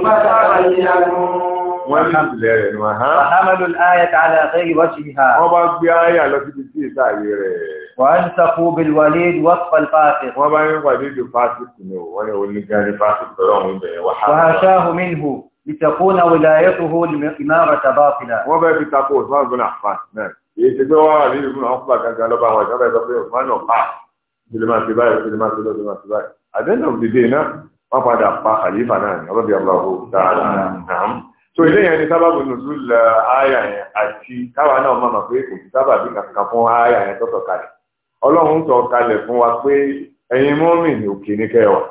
ni wọ́n hàn. muhammadu ayat ala khayri wajhiha. wọ́n bá gbé ayé àlọ́ síbi tí èsà ayé rẹ̀. وأنسقوا بالوليد وصف الفاسق وما ينقى ديد فاسق وأنا أقول لك أنا فاسق وحاشاه منه لتكون ولايته لإمارة باطلة وما في تقول عثمان بن عفان نعم يتبوا علي بن عقبة كان قال بها وجرى يبقى عثمان وقع بما سباي بما سباي بما سباي أدنهم بدينا ما بعد أبقى خليفة نعم رضي الله تعالى نعم so ilé yẹn ni sábàbù nùzúl àyà yẹn àti káwa náà máa mọ̀ pé kò sí sábàbí kankan fún àyà yẹn tó sọ̀kalẹ̀ ọlọ́run sọ̀kalẹ̀ fún wa pé ẹ̀yin mọ́mì ní òkè ní kẹwàá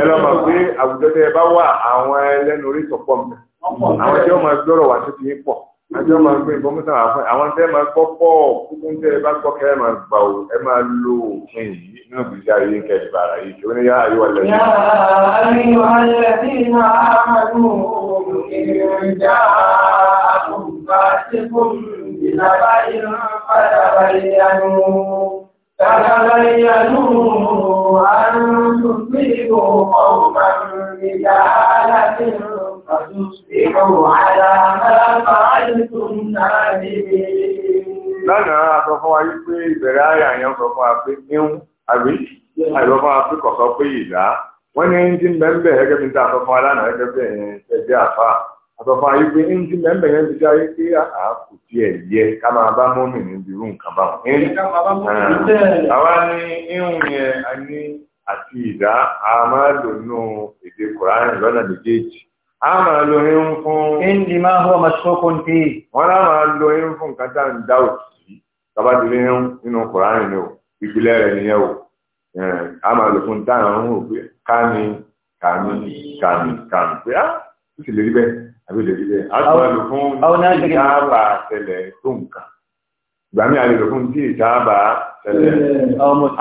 ẹ lọ mọ̀ pé àwùjọ tẹ ẹ bá wà àwọn ẹlẹ́nu orí sọ̀pọ̀ mi àwọn tí máa gbọ́rọ̀ wá tó ti pọ̀ àwọn máa gbé ìbọn mọ́tà wá àwọn tẹ́ máa gbọ́ pọ̀ kúkú tẹ́ ẹ bá gbọ́ kẹ́ ẹ máa gbà ó ẹ máa lo òfin yìí nínú ìgbésí ayé kẹ́ ẹ bára yìí tó ní yá ayé wa lẹ́yìn. yàrá àyè تتبينوا أن تصيبوا قوما بجهالة فتصبحوا على ما فعلتم نادمين. lánàá a sọ fún wa yìí pé ìbẹ̀rẹ̀ àyà yẹn sọ fún wa pé níhùn àbí àìsọ fún wa pé kò sọ pé ìdá wọ́n ní ti ń bẹ́ẹ̀ bẹ́ẹ̀ gẹ́gẹ́ bí n ta sọ fún gẹ́gẹ́ bẹ́ẹ̀ yẹn ṣẹ̀dí àtọ̀fà yìí pé ń ti mẹ́mbẹ̀ yẹn ti dá yé pé àá ah, ah, kò tiẹ̀ yẹ ká máa bá mọ́mì ní irú nǹkan bá wọn. àwa ní irun yẹn a ní àti ìdá a máa lò nínú èdè kòránì lọ́nà méjèèjì a máa lo irun fún. kéńdì máa hó ọmọ sọ́kò ń tè. wọ́n á máa lo irun fún nǹkan tá à ń dá òtí tabadìrí irun nínú kòránì ni o ìpìlẹ̀ rẹ̀ nìyẹn o a máa lò fún dáhùn òpè kámi kámi kámi kámi pé á ah, ó sì lè rí bẹ́ẹ̀ àbí olè jíjẹ àtúwà lò fún tí ìtaàbà tẹlẹ tó nǹkan ìgbà mi àlè lò fún tí ìtaàbà tẹlẹ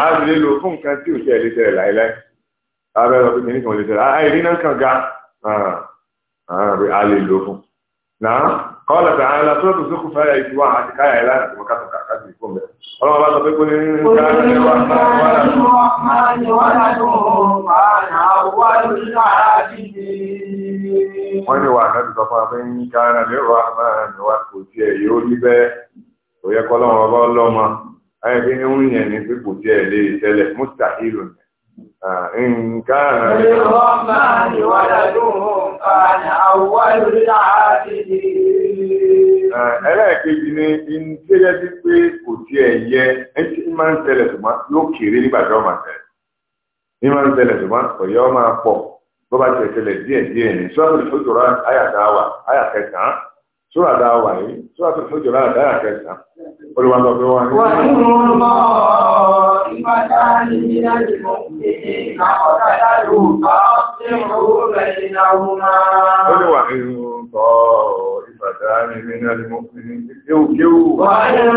a lè lò fún nǹkan tí ò tẹ lè tẹlẹ láéláé abẹ lọ pé nìkan lè tẹlẹ àìrí náà kàn ga a lè lò fún. náà kọ́lá tà á tó tó mọ̀ kátó fàbẹ́ ń kára lérò àmàlà wa kò tiẹ̀ yóò rí bẹ́ẹ̀ kò yẹ kọ́ lọ́wọ́ ọba ọlọ́mọ ayé fi ń rìn yẹn ní pé kò tiẹ̀ lè tẹ́lẹ̀ múta ìlú ni. nǹkan lérò àmàlà wa lọ́dún kan àwọn olùdá àti ẹlẹ́ẹ̀kejì ni ìdíyẹ sí pé kò tiẹ̀ yẹ ẹtí máa ń tẹ̀lẹ̀ tó máa yóò kéré nígbà tí máa tẹ̀lẹ̀ ní máa ń tẹ̀lẹ̀ tó máa pọ̀. bó bá tiẹ̀ tẹ̀lẹ̀ díẹ̀ díẹ̀ ní suratul hujurat àyàtàwà àyàkẹsàn sura àdáwà yìí suratul hujurat ọrụ olùwà lọ bí wọn. wọ́n ń mọ ìfọ̀dá ní náà wọ́n máa. ó ní wà طائفتان من المؤمنين كيو كيو وإن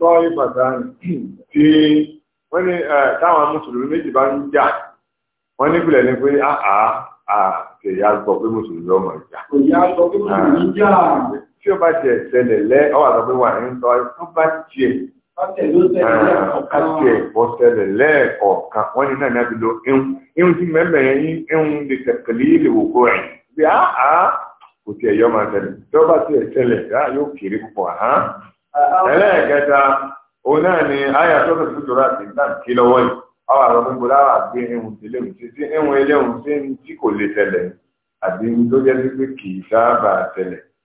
طائفتان من wọ́n ní táwọn mùsùlùmí méjì bá ń jà wọ́n ní ìpìlẹ̀ ni pé àá àkèyà gbọ́ pé mùsùlùmí ọmọ ìjà. tí ó bá tiẹ̀ ṣẹlẹ̀ lẹ́ ọ̀wà sọ pé wà ní tọ́ tó bá tiẹ̀ Ah, àti ẹ̀kọ́ tẹ́lẹ̀ lẹ́ẹ̀kọ̀ọ̀kan, wọ́n ní náà ní àbílò ihun, ihun tí mẹ́mẹ̀ yẹn yí ihun lè tẹ̀kẹ̀lé lè wò kó rẹ̀. Bí a á kò tí ẹ̀yọ́ máa tẹ̀lẹ̀, tí ó bá ti ẹ̀ tẹ̀lẹ̀, yóò kéré púpọ̀. Ẹlẹ́ẹ̀kẹta, òun náà ni àyà tó fẹ́ fújọ́ láti náà kí lọ́wọ́ yìí. Àwọn àwọn gbogbo láwà gbé ihun tẹ̀lé ohun tí ihun eléhun tí kò lè tẹ̀lẹ̀ àbí tó jẹ́ sí pé kì í sábà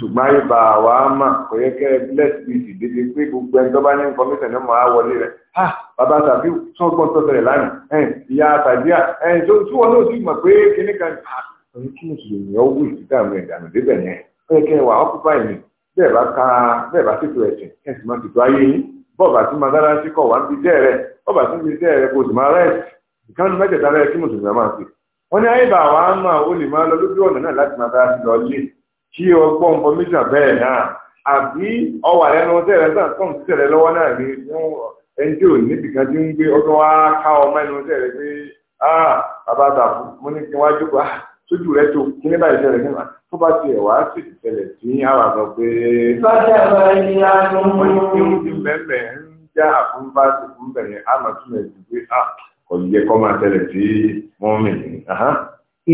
ṣùgbọ́n ibà wà á mà kò yẹ kẹ́ bless bíi dédé pé gbogbo ẹni tó bá ní kọ́míṣẹ̀ ní mọ̀ á wọlé rẹ̀ ha bàbá tàbí sọ́gbọ́n tó tẹ̀lé lánàá ẹ̀ ìyá tàbí à ẹ̀ tó tí wọn náà sì mọ̀ pé kíní kan ní kí mùsùlùmí ó wù sí dàmú ẹ̀ dànù débẹ̀ yẹn ó yẹ kẹ́ wà ọ́kúpá ẹ̀mí bẹ́ẹ̀ bá ka bẹ́ẹ̀ bá tètò ẹ̀sìn ẹ̀ sì máa tètò ayé yín bọ́ọ̀bà tí madarasi kọ̀ wá ń bi jẹ́ rẹ̀ bọ́ọ̀bà tí kí o gbọ́ information bẹ́ẹ̀ náà àbí ọwà lẹ́nu tẹ̀rẹ̀ náà tó ń tẹ̀rẹ̀ lọ́wọ́ náà ni ẹni tí ò níbi kan ti ń gbé ọdún wá ká ọmọ ẹnu tẹ̀rẹ̀ pé bàbá àtàkùn mo ní kí wọ́n á jókòó ah, sójú rẹ tó kí ní báyìí tẹ̀lẹ̀ nígbà tó bá tiẹ̀ wá sí ìṣẹ̀lẹ̀ tí àwọn àgbà pé. bàtà bá ní àánú. wọ́n ń di mẹ́mẹ́ ń já àfúnbá sí fún bẹ̀rẹ̀ àmọ́ tún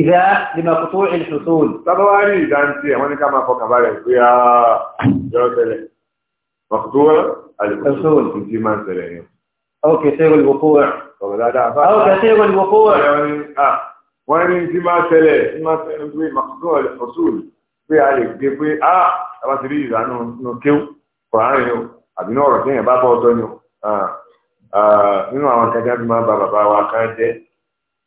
ìdá lèmọ̀kútó ìlúṣòtòl. Tábá wá ní ìdá ń tí àwọn ní ká máa fọkàn balẹ̀ pé a yọ tẹ́lẹ̀. Mọ̀kútó àlùkòtòl ti máa ń tẹ̀lẹ̀ yẹn. Àwọn kẹsẹ̀ ìròyìn wọ́pọ̀ rẹ̀. Ọ̀rọ̀ dáadáa fà. Àwọn kẹsẹ̀ ìròyìn wọ́pọ̀ rẹ̀.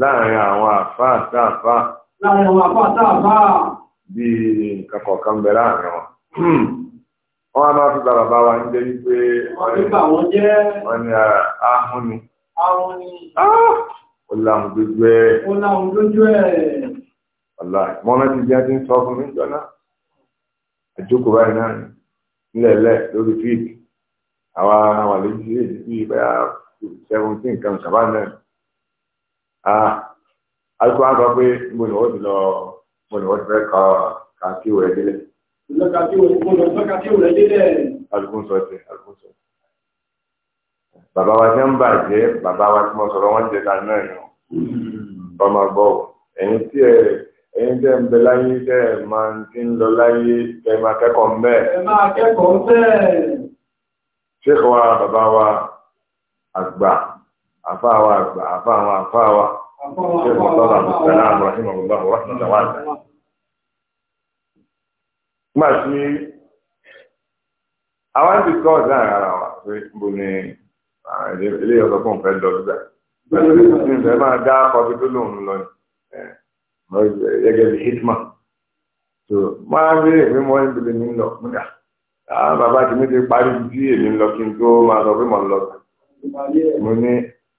láàrin àwọn àfá àtàfá láàrin àwọn àfá àtàfá bí nǹkan kọ̀ọ̀kan ń bẹ láàrin wọn wọ́n á máa fi bàbá bá wa ń jẹ́ wípé wọ́n ní ahun ni ahun ni ah, ó láhùn dójú ẹ̀ ó láhùn dójú ẹ̀ ọ̀la mọ́nà ti jẹ́ ti ń sọ fún mi jọ́nà àjókòó báyìí náà nílẹ̀ẹ́lẹ̀ lórí fíìkì àwa àwọn àlejò sí èdè bíi bá kan sábà náà àìkú ah, wa sọ pé mo lọ ti lọ mo lọ ti fẹ́ ka ka kí wẹ̀ délẹ̀. mo lọ ka kí wẹ̀ délẹ̀. alùpùpù sọ ti alùpùpù sọ ti. bàbá wa ti ń bàjẹ́ bàbá wa ti mọ sọ̀rọ̀ wọn jẹ kan náà yàn. Mm-hmm. ọmọ gbọ́ ẹ̀yin tí ẹ ẹ̀yin tẹ́ ń bẹ láyé tẹ́ ẹ máa ti ń lọ láyé tẹ́ máa kẹ́kọ̀ọ́ ń ẹ máa kẹ́kọ̀ọ́ bẹ́ẹ̀. ṣé kọ́ wa bàbá wa àgbà àfáàwà àgbà àfáàwà àfáàwà ṣé mo tọ́lá àbùsàlá àbúrahìm ọ̀gbọ́n ọ̀rọ̀ ṣàtàwà àgbà. nígbà tí àwọn ti kọ́ ọ̀dà ara wa pé níbo ni ilé ọ̀sán fún òfin lọ gbà. ìfẹ́ máa dá kọfí tó lóun lọ ni gẹ́gẹ́ bí hitma. máa ń rí èmi mọ́ ìbílẹ̀ mi lọ múdà. àwọn ah, bàbá tèmi ti parí bí èmi lọ kí n tó máa sọ pé mo lọ. mo ní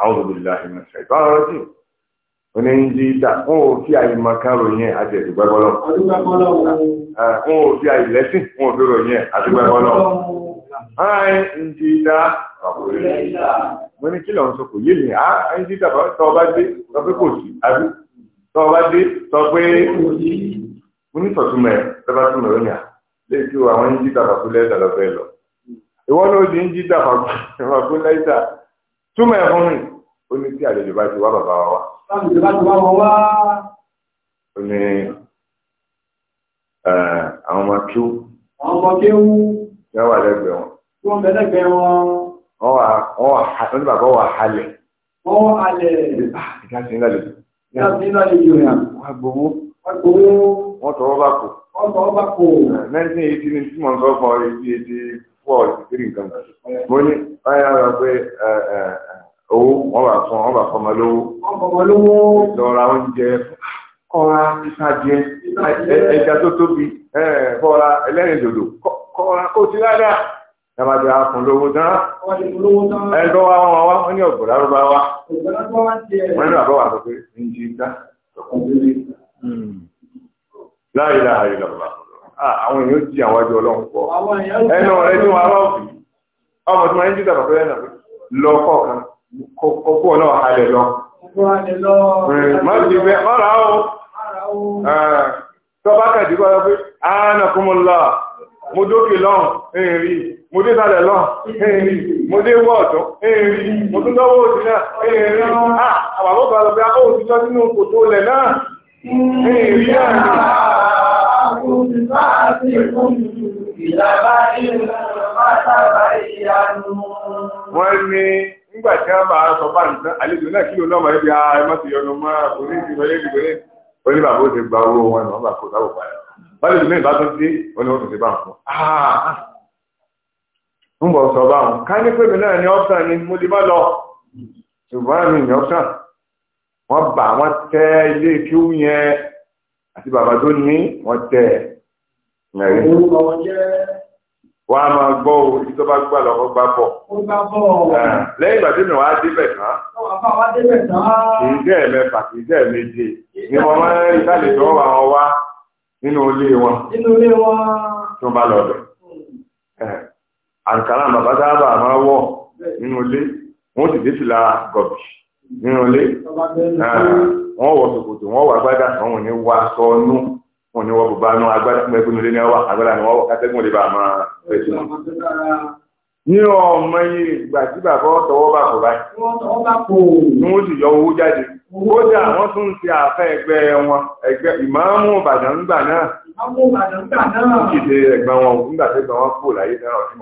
àwọn olùdíláhìn náà ṣe ìtọ́ ọ̀rọ̀ sí oníyìnjí dà wọn ò fi àyè máa kán ròyìn ẹ̀ àti ẹ̀dùgbẹ́gbọ́lọ́ wọn ò fi àyè lẹ́sìn wọn ò fi ròyìn ẹ̀ àdùgbẹ́gbọ́lọ́ ààyè ń jí dá wọ́n ní kí lọ́n sọ kò yé mi á ń jí tọ́ ọba dé sọ pé kò sí àbí tọ́ ọba dé sọ pé mo ní sọ̀túnmọ̀ ẹ̀ tọ́ba túnmọ̀ lónìí à lè kí àwọn ń jí dá fàkúlẹ̀ ẹ̀dà lọ́fẹ́ lọ ìwọ́n ló di ń jí fàkúlẹ̀ túmọ̀ ẹ̀ fún mi ó ní tí àlejò bá ti wá bàbá wa wá. àlejò bá ti wá wọn wá. ó ní àwọn ọmọ kíw. àwọn ọmọ kíw. yẹn wà lẹ́gbẹ̀ẹ́ wọn. tí wọ́n bẹ lẹ́gbẹ̀ẹ́ wọn. wọ́n wà wọ́n wà wọ́n ní bàbá wà halẹ̀. wọ́n wà halẹ̀. ìdá sí nílẹ̀ lẹ́jọ́. ìdá sí nílẹ̀ lẹ́jọ́ yẹn. wọ́n gbowó. wọ́n gbowó. wọ́n tọwọ́ bá kù. wọ́n tọwọ́ nineteen eighty ni tí mo ń sọ fún ọ pọ̀ ìrírí nǹkan kan mo ní báyà rẹ pé owó wọn bá fún wọn bá fọmọ lówó ọmọ lówó lọ́ra oúnjẹ kọ́ra ìsàjẹ ẹja tó tóbi kọ́ra ẹlẹ́rìn dòdò kọ́ra kó ti dáadáa yàbàdì àkùn lówó tán ẹgbẹ́ wa wọn wá wọn ní ọ̀gbọ̀n lárúbá wa wọn ní àbọ̀wà sọ pé ń jí dá láyé láàyè lọ́wọ́. Ah, àwọn èèyàn jí àwọn àjọ ọlọ́run pọ̀ ẹnu rẹ ní wọn aláwọ̀bí ọmọ tí wọn ń jíjà bàbá ẹ̀nà lọ kọ̀ọ̀kan kókó náà halẹ̀ lọ. má ti bẹ ọ̀rọ̀ àwọn tọ́ba kàdí kọ́ pé àánà kúmọ̀lá mo dókè lọ́hùn ẹ̀yìn rí mo dé sálẹ̀ lọ́hùn ẹ̀yìn rí mo dé wọ́ ọ̀tún ẹ̀yìn rí mo tún dánwò òsì náà ẹ̀yìn rí ah, àbàbọ̀ bàbá òsì tọ́ sínú kòtò lẹ̀ náà mm. ẹ̀yìn rí náà أكن فاتكم إلى بئر فتبينوا wọ́n ní nígbà tí wọ́n máa sọ bá nǹkan àlejò náà kí lóun ọmọ ẹbí ẹmọ ti yọnu mọ́ orí ìdìbò yé ìdìbò yé orí bàbá ó ti gba owó wọn náà bàbá kò sábò padà báyìí lóun ìbá tó dé wọn ni wọn tún ti bá wọn fún un bọ̀ sọ bá wọn ká ní pé mi náà ní ọ́pṣà ni mo lè má àti bàbá tó ní wọ́n tẹ̀ mẹ́rin. wọ́n á máa gbọ́ o ibi tó bá gbà lọ́kọ́ gbà bọ̀. lẹ́yìn ìgbà tí mi wàá débẹ̀ tán. kì í dẹ́ mẹ́fà kì í dẹ́ méje ni wọ́n máa ń ìtàlẹ̀ tó wà wọn wá nínú ilé wọn. nínú ilé wọn. tó bá lọ bẹ̀. àǹkárá bàbá sábà máa wọ̀ nínú ilé wọ́n sì dé fìlà gọ̀bì nínú ilé ah, wọ́n wọ ṣòkòtò wọ́n wọ agbádá àwọn òní wọ aṣọ nú wọn ni wọ́n bọ̀ bá nú agbádá fún ẹgbẹ́ nílé ní ọwọ́ agbádá ni wọ́n wọ kátẹ́gùn lè bá máa fẹ́ sí wọn. ní ọmọ iye ìgbà tí bàbá ọ̀tọ̀wọ́ bà kọ̀ báyìí ni wọ́n sì yọ owó jáde kódà wọ́n tún ti àfẹ́ ẹgbẹ́ wọn ẹgbẹ́ ìmáàmù Ìbàdàn ńgbà náà ìkìdè ẹgbẹ́ wọn nígbà tí ẹgbẹ́ wọn kú láyé náà ọ̀sìn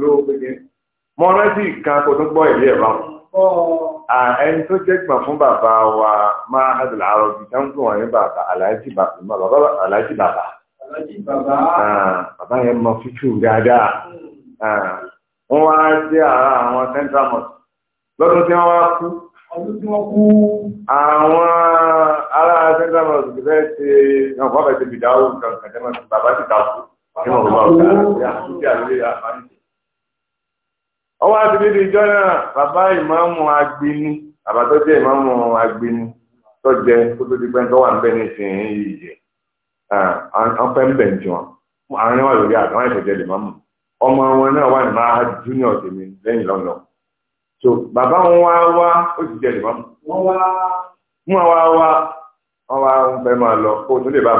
mọ̀ mo rántí kan kò tó gbọ́ ìlú ẹ̀rọ ẹni tó jẹ́ gbọ̀n fún bàbá wa máa hàdùlà àrọ̀ bí tán gbọ̀n wọn ní bàbá aláàjì bàbá aláàjì bàbá bàbá yẹn mọ fífú dáadáa wọ́n wá jẹ́ ara àwọn central mosque lọ́dún tí wọ́n wá kú ọdún tí wọ́n kú àwọn ará central mosque fẹ́ ṣe ọ̀pọ̀ bẹ̀rẹ̀ ṣe bìdáwó nǹkan kan tẹ́lẹ̀ bàbá ti dáwó kí wọ́n bá ọ̀gá àti àlùyé àfáàní ọwọ́ àti níbi ìjọ náà bàbá ìmáàmù agbeni àbàtọ́ jẹ́ ìmáàmù agbeni tó jẹ kó tó di pẹ́ tó wà ń bẹ̀ ní ìsinyìí yìí jẹ àwọn fẹ́ ń bẹ̀ ń tiwọn àárín wà lórí àtàwọn ìfẹ̀jẹ̀ lè máàmù ọmọ wọn náà wà ní máa junior tèmi lẹ́yìn lọ́nà so bàbá wọn wá wá ó sì jẹ lè máàmù wọn wá mú àwa wá wọ́n wá ń fẹ́ máa lọ kó tó lè bá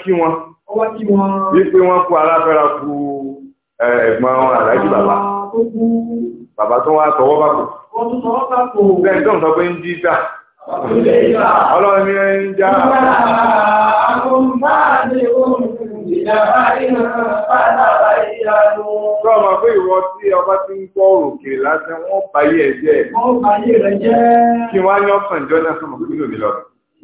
àmọ̀ wípé wọ́n kú aláfẹ́ra kú ẹ̀gbọ́n aláàjì bàbá bàbá tó wá tọwọ́ bá kù bẹ́ẹ̀ tó ń sọ pé ń jí ìjà ọlọ́run ní ẹ̀ ń já Sọ́ọ̀mà pé ìwọ tí ọba ti ń gbọ́ òkèrè lásán wọ́n báyé ẹ̀ jẹ́. Kí wọ́n á ní ọkàn jọ náà sọ́mà kí lò ní lọ́dún.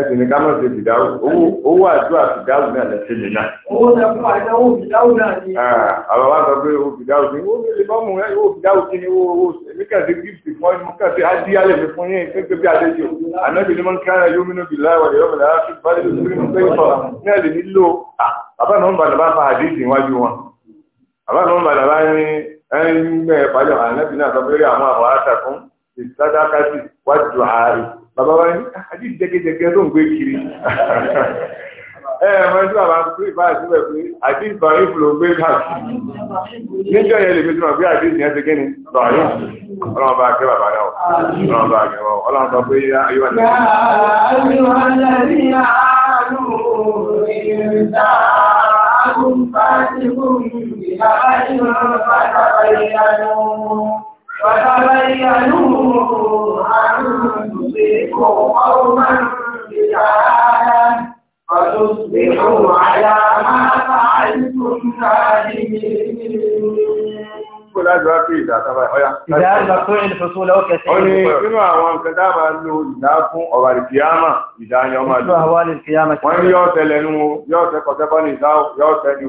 ẹsìn ní ká má ṣe fìdáwù owó àdúrà fìdáwù náà lẹ́sẹ̀ mi náà. owó náà fún àdáwò fìdáwù náà ni. àwọn wa sọ pé owó fìdáwù ni owó mi lè bá mú ẹ owó fìdáwù kí ni owó owó èmi kàdé gíftì fún ẹ mo kàdé adíyálẹ̀ mi fún yín pé bí adé yìí o ànábì ni mo ń kára yóò mínú bìlá wà lè rọ́bìlá fi balẹ̀ lórí mi pé ìfọ̀ náà lè nílò bàbá náà ń bàdà bá fa àdéhìí iwájú wọn bàbá náà ń bàdà bá ní ẹni mẹ́ẹ̀ẹ́dẹ́gbẹ̀ẹ́ bàbá wa ní àdí ah, jẹgẹjẹgẹ tó ń gbé kiri (laughs) ẹ ẹ mọ tí bàbá pé bá àtúbẹ̀ pé àdí ìbá ìfúlò gbé káàkiri níjọ́ yẹn lè fi túmọ̀ pé àdí ìyẹn ti gẹ́ni lọ àyè ọlọ́run bá kẹ́ bàbá náà ọlọ́run bá kẹ́ wọn ọlọ́run sọ pé yá ayé wà ní. ayé wà lẹ́rí àánú ìrìnsà àgùnfàdìgún ìhà ìhà bàtà ìyànú bàtà ìyànú àrùn. تصبحوا قوما بجهالة فتصبحوا على ما فعلتم نادمين Ìdájọ́ àwọn nǹkan dáàmà lo ìdá fún ọ̀rọ̀ ìkìyàmà ìdáyọ́ máa lò. Wọ́n yọ́ tẹ́lẹ̀ nú yọ́ tẹ́kọ̀ọ́tẹ́kọ́ ní ìdáwó yọ́ tẹ́lẹ̀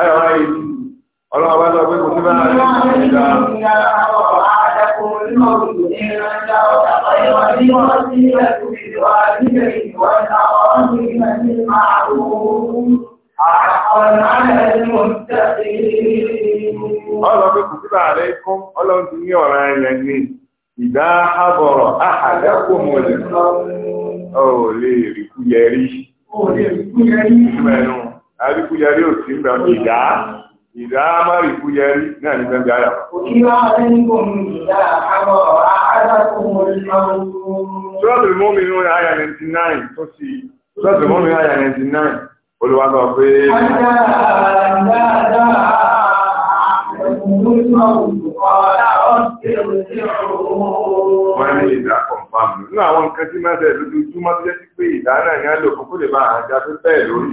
ayọ̀ wá yìí ọlọ́wọ́ bá sọ pé kò sí bá náà yìí ìjà. Ọlọ́wọ́ pé kò sí bá rẹ̀ kún ọlọ́run ti ní ọ̀rọ̀ ẹ̀yẹ̀ ni ìdá àbọ̀rọ̀ àhàdẹ́kùn mọ̀lẹ́. Ó lè rí kú yẹrí. Ó lè rí kú yẹrí. Ìgbẹ̀rún àríkúyẹrí ò sí mbẹ ìdá ìdá má ríkúyẹrí náà ní bẹ́ẹ̀ ara. òkìlá ẹnìkan ìdá àwọn àádọ́kùnrin ìlànà. sọ́ọ̀tù mọ́mìnú àyà 99 tó sì sọ́ọ̀tù mọ́mìnú àyà 99 Wọ́n ní ìdá kọ̀ǹfàmù. Nínú àwọn nǹkan tí máa ń tẹ̀ lójoojúmọ́ tó jẹ́ sí pé ìdá náà ní á lò lè bá àjà tó bẹ́ẹ̀ lórí.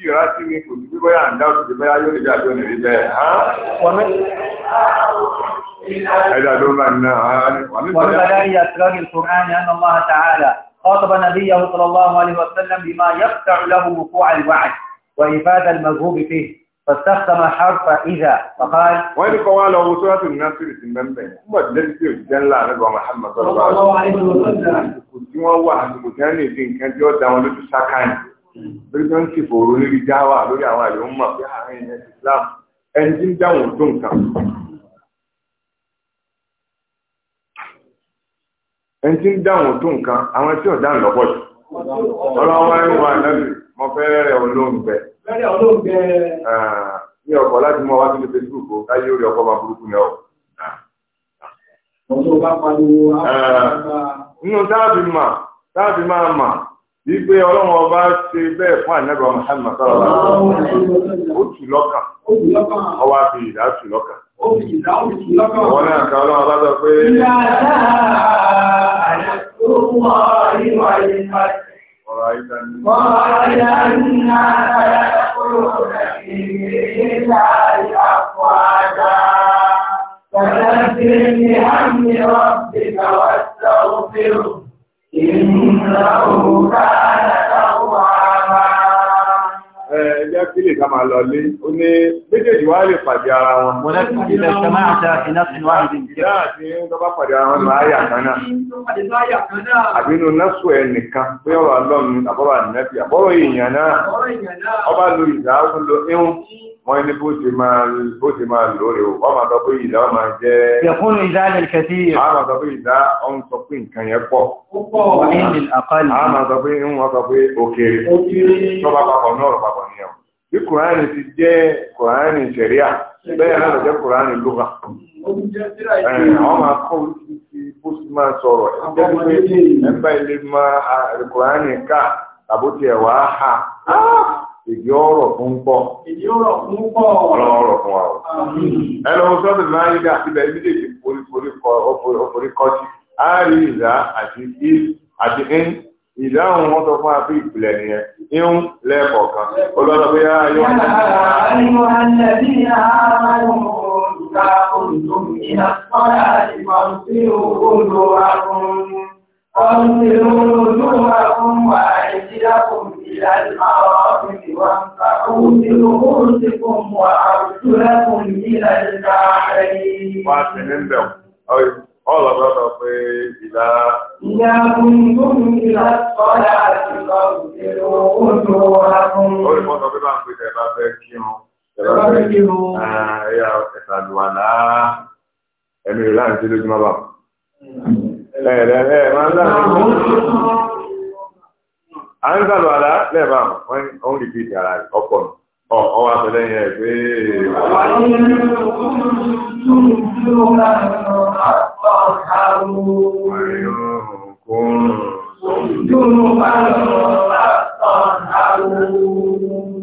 tí ni kò ní yóò nìrí bẹ́ẹ̀. خاطب نبيه صلى الله عليه وسلم بما يقطع له وقوع الوعد وإفادة المذهوب فيه فاستخدم حرف إذا فقال وين قوال الناس سورة النصر تنبه ما تدري جل على محمد صلى الله عليه وسلم كنت هو واحد مكان يدين كان جوه داون lórí tó ń sì fòrò lórí dáwà lórí àwọn àlè ń mọ̀ pé àárín ẹ̀ Islam ẹni tí ń dáhùn tó nǹkan. ẹni tí ń dáhùn tó nǹkan àwọn tí ò dáhùn lọ́pọ̀ jù ọlọ́wọ́ ń wà lẹ́nu mo fẹ́ rẹ̀ olóńgbẹ. fẹ́rẹ̀ olóńgbẹ. ní ọkọ̀ láti mọ wá sí Facebook o káyé orí ọkọ̀ máa burúkú náà o. ọ̀sọ̀ bá pariwo. nínú táàbì mà táàbì máa mà wípé ọlọ́run ọba ṣe bẹ́ẹ̀ fún ànábì Muhammad sọ́rọ̀ ó tù lọ́kàn ọwọ́ àfi ìdá tù lọ́kàn ọwọ́ náà kan ọlọ́run ọba sọ pé ọ̀rọ̀ àyíká ni. ọ̀rọ̀ àyíká ni. Tẹ̀lé sí Ẹjẹ́ kí lè ká máa lọ lé, ó ní méjèèjì wá lè pàdé ara wọn. Wọ́n lẹ́kùn sí ilẹ̀ ṣe máa ṣe iná sínú àìdí ìjẹ́. Dáà tí ó tọ́ bá pàdé ara wọn lọ áyà kan náà. Àbí inú násù ẹ̀ nìkan pé ọ̀rọ̀ alọ́run àbọ̀rọ̀ ànẹ́bí àbọ̀rọ̀ èèyàn wọ́n ní bó ti máa bó ti máa lóore o wọ́n máa sọ pé ìdá máa jẹ́. yẹ̀kún ìdá lè kẹsí. a máa sọ pé ìdá ọ̀n sọ pé nǹkan yẹn pọ̀. púpọ̀ ní ti jẹ́ kùránì sẹ̀ríà bẹ́ẹ̀ náà jẹ́ kùránì lóga. wọ́n máa kọ́ oríṣiríṣi bó máa sọ̀rọ̀ ẹ̀ ń bá ilé máa kùránì ká tàbó tiẹ̀ ha. Ah! Ìjọ ọ̀rọ̀ fún pọ̀. Ìjọ ọ̀rọ̀ fún pọ̀. Ọlọ́run ọ̀rọ̀ fún wa. Ẹ lọ sọ́dọ̀ náà yí dà síbẹ̀ méjèèjì oríkọ́tì. A rí ìdá àti ìl àti ń. Ìdá òun wọ́n sọ fún àfi ìpìlẹ̀ nìyẹn. Ihun lẹ́ẹ̀kọ̀ọ̀kan. Olọ́dọ̀ pé á yọ. Àyọ̀ àlẹ́bí àárọ̀ ìta olùdókòwò ìlàsọ́yà ìfàǹsí òwúrò àrùn. Ọ̀sẹ̀ olùdókòwò àrùn wà ìdílé àkọ́kọ́. إلى المرافق وامسحوا برؤوسكم وأرجلكم إلى الكعبين. Ọ̀rọ̀ lọ́dọ̀ pé ìlà. Ìyá kúndùn ìlà sọ́dá àti lọ́gbẹ̀rẹ̀ ojú ọ̀rọ̀ fún. Ó lè mọ́tọ̀ bí bá ń pè tẹ̀ bá fẹ́ kí wọn. Tẹ̀ bá fẹ́ kí wọn. Ẹ̀yà ẹ̀sàdùwà náà. Ẹ̀mí ìlànà à ń sàlù àlá lẹ́ẹ̀bà wọ́n ń rìbí ìdí ara rẹ̀ ọkọ̀ nù ọwọ́ abẹ́lẹ́ yẹn pé.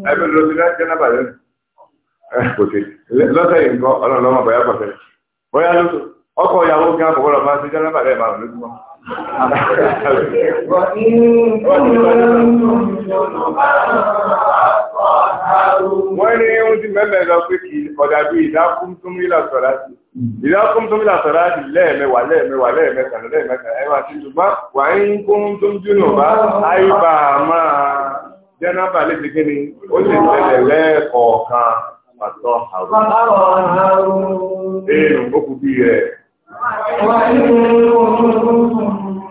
Ẹgbẹ́ ló ti dá jẹ́ náà bàjẹ́ kò sí lọ́sẹ̀ yìí nǹkan ọlọ́run lọ́mọ bọ̀yá pọ̀ tẹ́lẹ̀ bọ́yá lóṣù ọkọ̀ ìyàwó gán àbọ̀wọ́lọ́ máa ń ṣe jẹ́ náà bàjẹ́ márùn-ún lójúmọ́. وإن كنتم جنبا wọ́n ní ohun tí mẹ́mẹ́ lọ pé kì í ọ̀dà bíi ìdákùn tó mú ìlà sọ̀rọ̀ àti ìdákùn tó mú ìlà sọ̀rọ̀ àti lẹ́ẹ̀mẹ́wàá lẹ́ẹ̀mẹ́wàá lẹ́ẹ̀mẹ́ta lẹ́ẹ̀mẹ́ta ẹ̀wà tí ṣùgbọ́n wà ń kún tó ń dúnà bá àyíbá máa jẹ́nàbà léṣe kí ni ó sì tẹ̀lẹ̀ lẹ́ẹ̀kọ̀ọ̀kan pàtó àrùn. ẹ̀ẹ́n ó kú bí rẹ̀. wà ń kún tó ń dúnà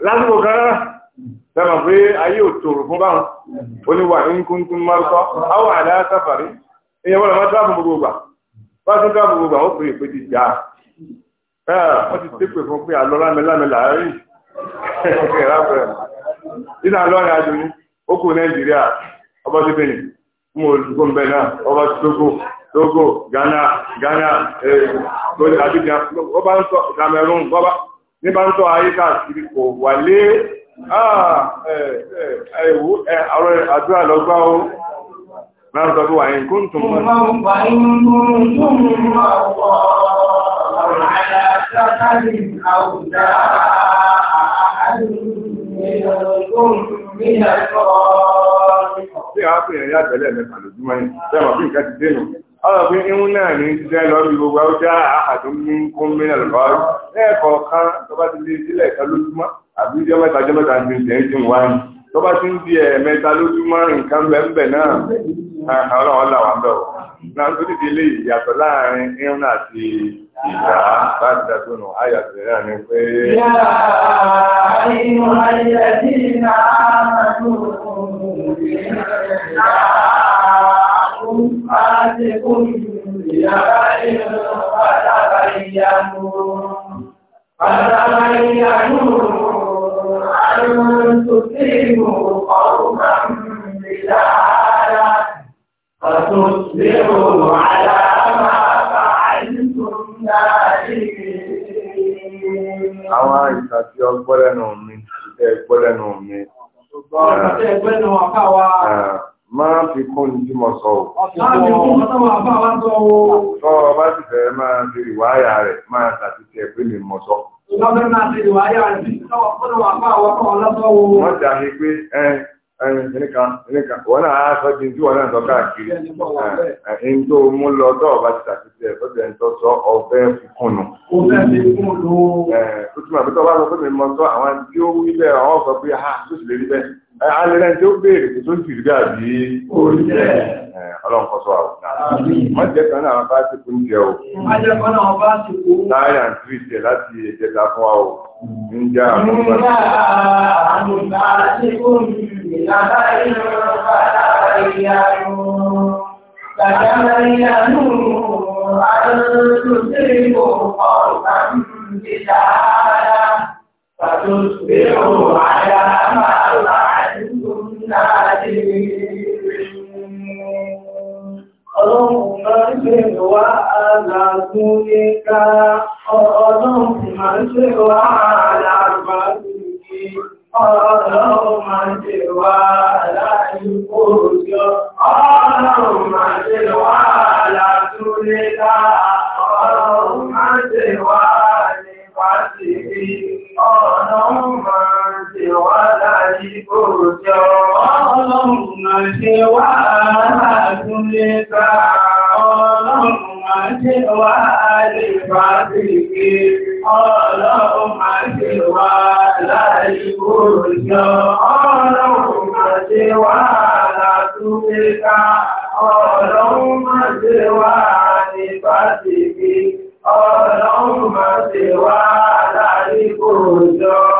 lásìkò kan rárá dábà pé ayé ò tòrò fún báwọn oníwà nkúnkún márùkọ àwọn àdá sáfàrí èèyàn wọn lọ máa dáàbò gbogbo gbà bá tún dáàbò gbogbo àwọn òpin ìpè ti jà wọ́n ti tépè fún pé àlọ́ lámẹ́lámẹ́ làárí ìrápẹ̀ ìdá lọ́rin àjò ní okù nàìjíríà ọba ti bẹ̀yìn mú olùgbò ń bẹ̀ náà ọba ní bá ń tọ́ ayé káàkiri kò wà lé àwọn àdúrà lọ́gbá ó máa ń wà ní kún tún mọ́ Tí a pè ẹ̀yà tẹ́lẹ̀ mẹ́ta lójúmọ́ yìí, tẹ́wàá bí nǹkan ti dénú. ọ̀rọ̀ pé irun náà ní jẹ́ lọ́rí gbogbo ọjọ́ àhàdùn ní kún mí lọ́rọ̀ lẹ́ẹ̀kọ̀ọ̀kan tó bá ti lé sílẹ̀ kan àbí mẹ́ta mẹ́ta ní wá ní tó bá ti ń di ẹ̀ẹ̀mẹ́ta lójúmọ́ nǹkan náà àti náà náà مالكم بأبائهم فتبينوا فتبينوا أن تصيبوا قوما بجهالة فتصبحوا على ما فعلتم نادمين. Àwọn àìsàn tí ọgbọ́dẹ̀ nù mí, ìṣẹ́ ìgbọ́dẹ̀ nù mí. Ṣùgbọ́n ọ̀sẹ̀ ìgbẹ́nu ọ̀ká wa máa fi kún ní tí mo sọ o. Sọ ọba ti fẹ́ máa fi ìwáyà rẹ̀ máa tàbí pé mi mọ̀ sọ. Wọ́n jà ní pé ẹnìkan ẹnìkan wọ́n náà á sọ di tí wọ́n náà sọ káàkiri. Ẹni tó mú lọ tọ́ ọba ti tàbí tẹ̀ tọ́jú ẹni tó sọ ọ̀fẹ́ fífún nù. Ọ̀fẹ́ fífún nù. Ó túmọ̀ pé tọ́ba sọ pé mi mọ̀ sọ àwọn tí ó wí bẹ́ẹ̀ àwọn sọ pé ha tó sì lè rí bẹ́ẹ̀ alẹ́rẹ́ tí ó béèrè tó sì rí àbí orílẹ̀ ọlọ́run kọ́ sọ àwọn wọ́n jẹ́ kan náà bá ti kú ń jẹ o láyà ń tú ìjẹ láti ìjẹta fún wa o ń já àwọn ọmọ Tàbí ó wà yá máa láàá. Ọlọ́run máa ń ṣe wá àlàgún ní ká, ọlọ́run máa ń ṣe wá àlàgbàgbì ní, ọlọ́run máa ń ṣe wá àlàyíkò òjò, ọlọ́run máa ń ṣe wá àlàgún ní ká, ọlọ́run máa ń ṣe wá àlèpàtì ní, ọlọ́run máa wá láyíkò jọ. Ọlọ́run máa ṣe wá àtúnlé ká. Ọlọ́run máa ṣe wá àlèfà bèèrè. Ọlọ́run máa ṣe wá láyíkò jọ. Ọlọ́run máa ṣe wá àtúnlé ká. Ọlọ́run máa ṣe wá àlèfà bèèrè. Ọlọ́run máa ṣe wá láyíkò jọ.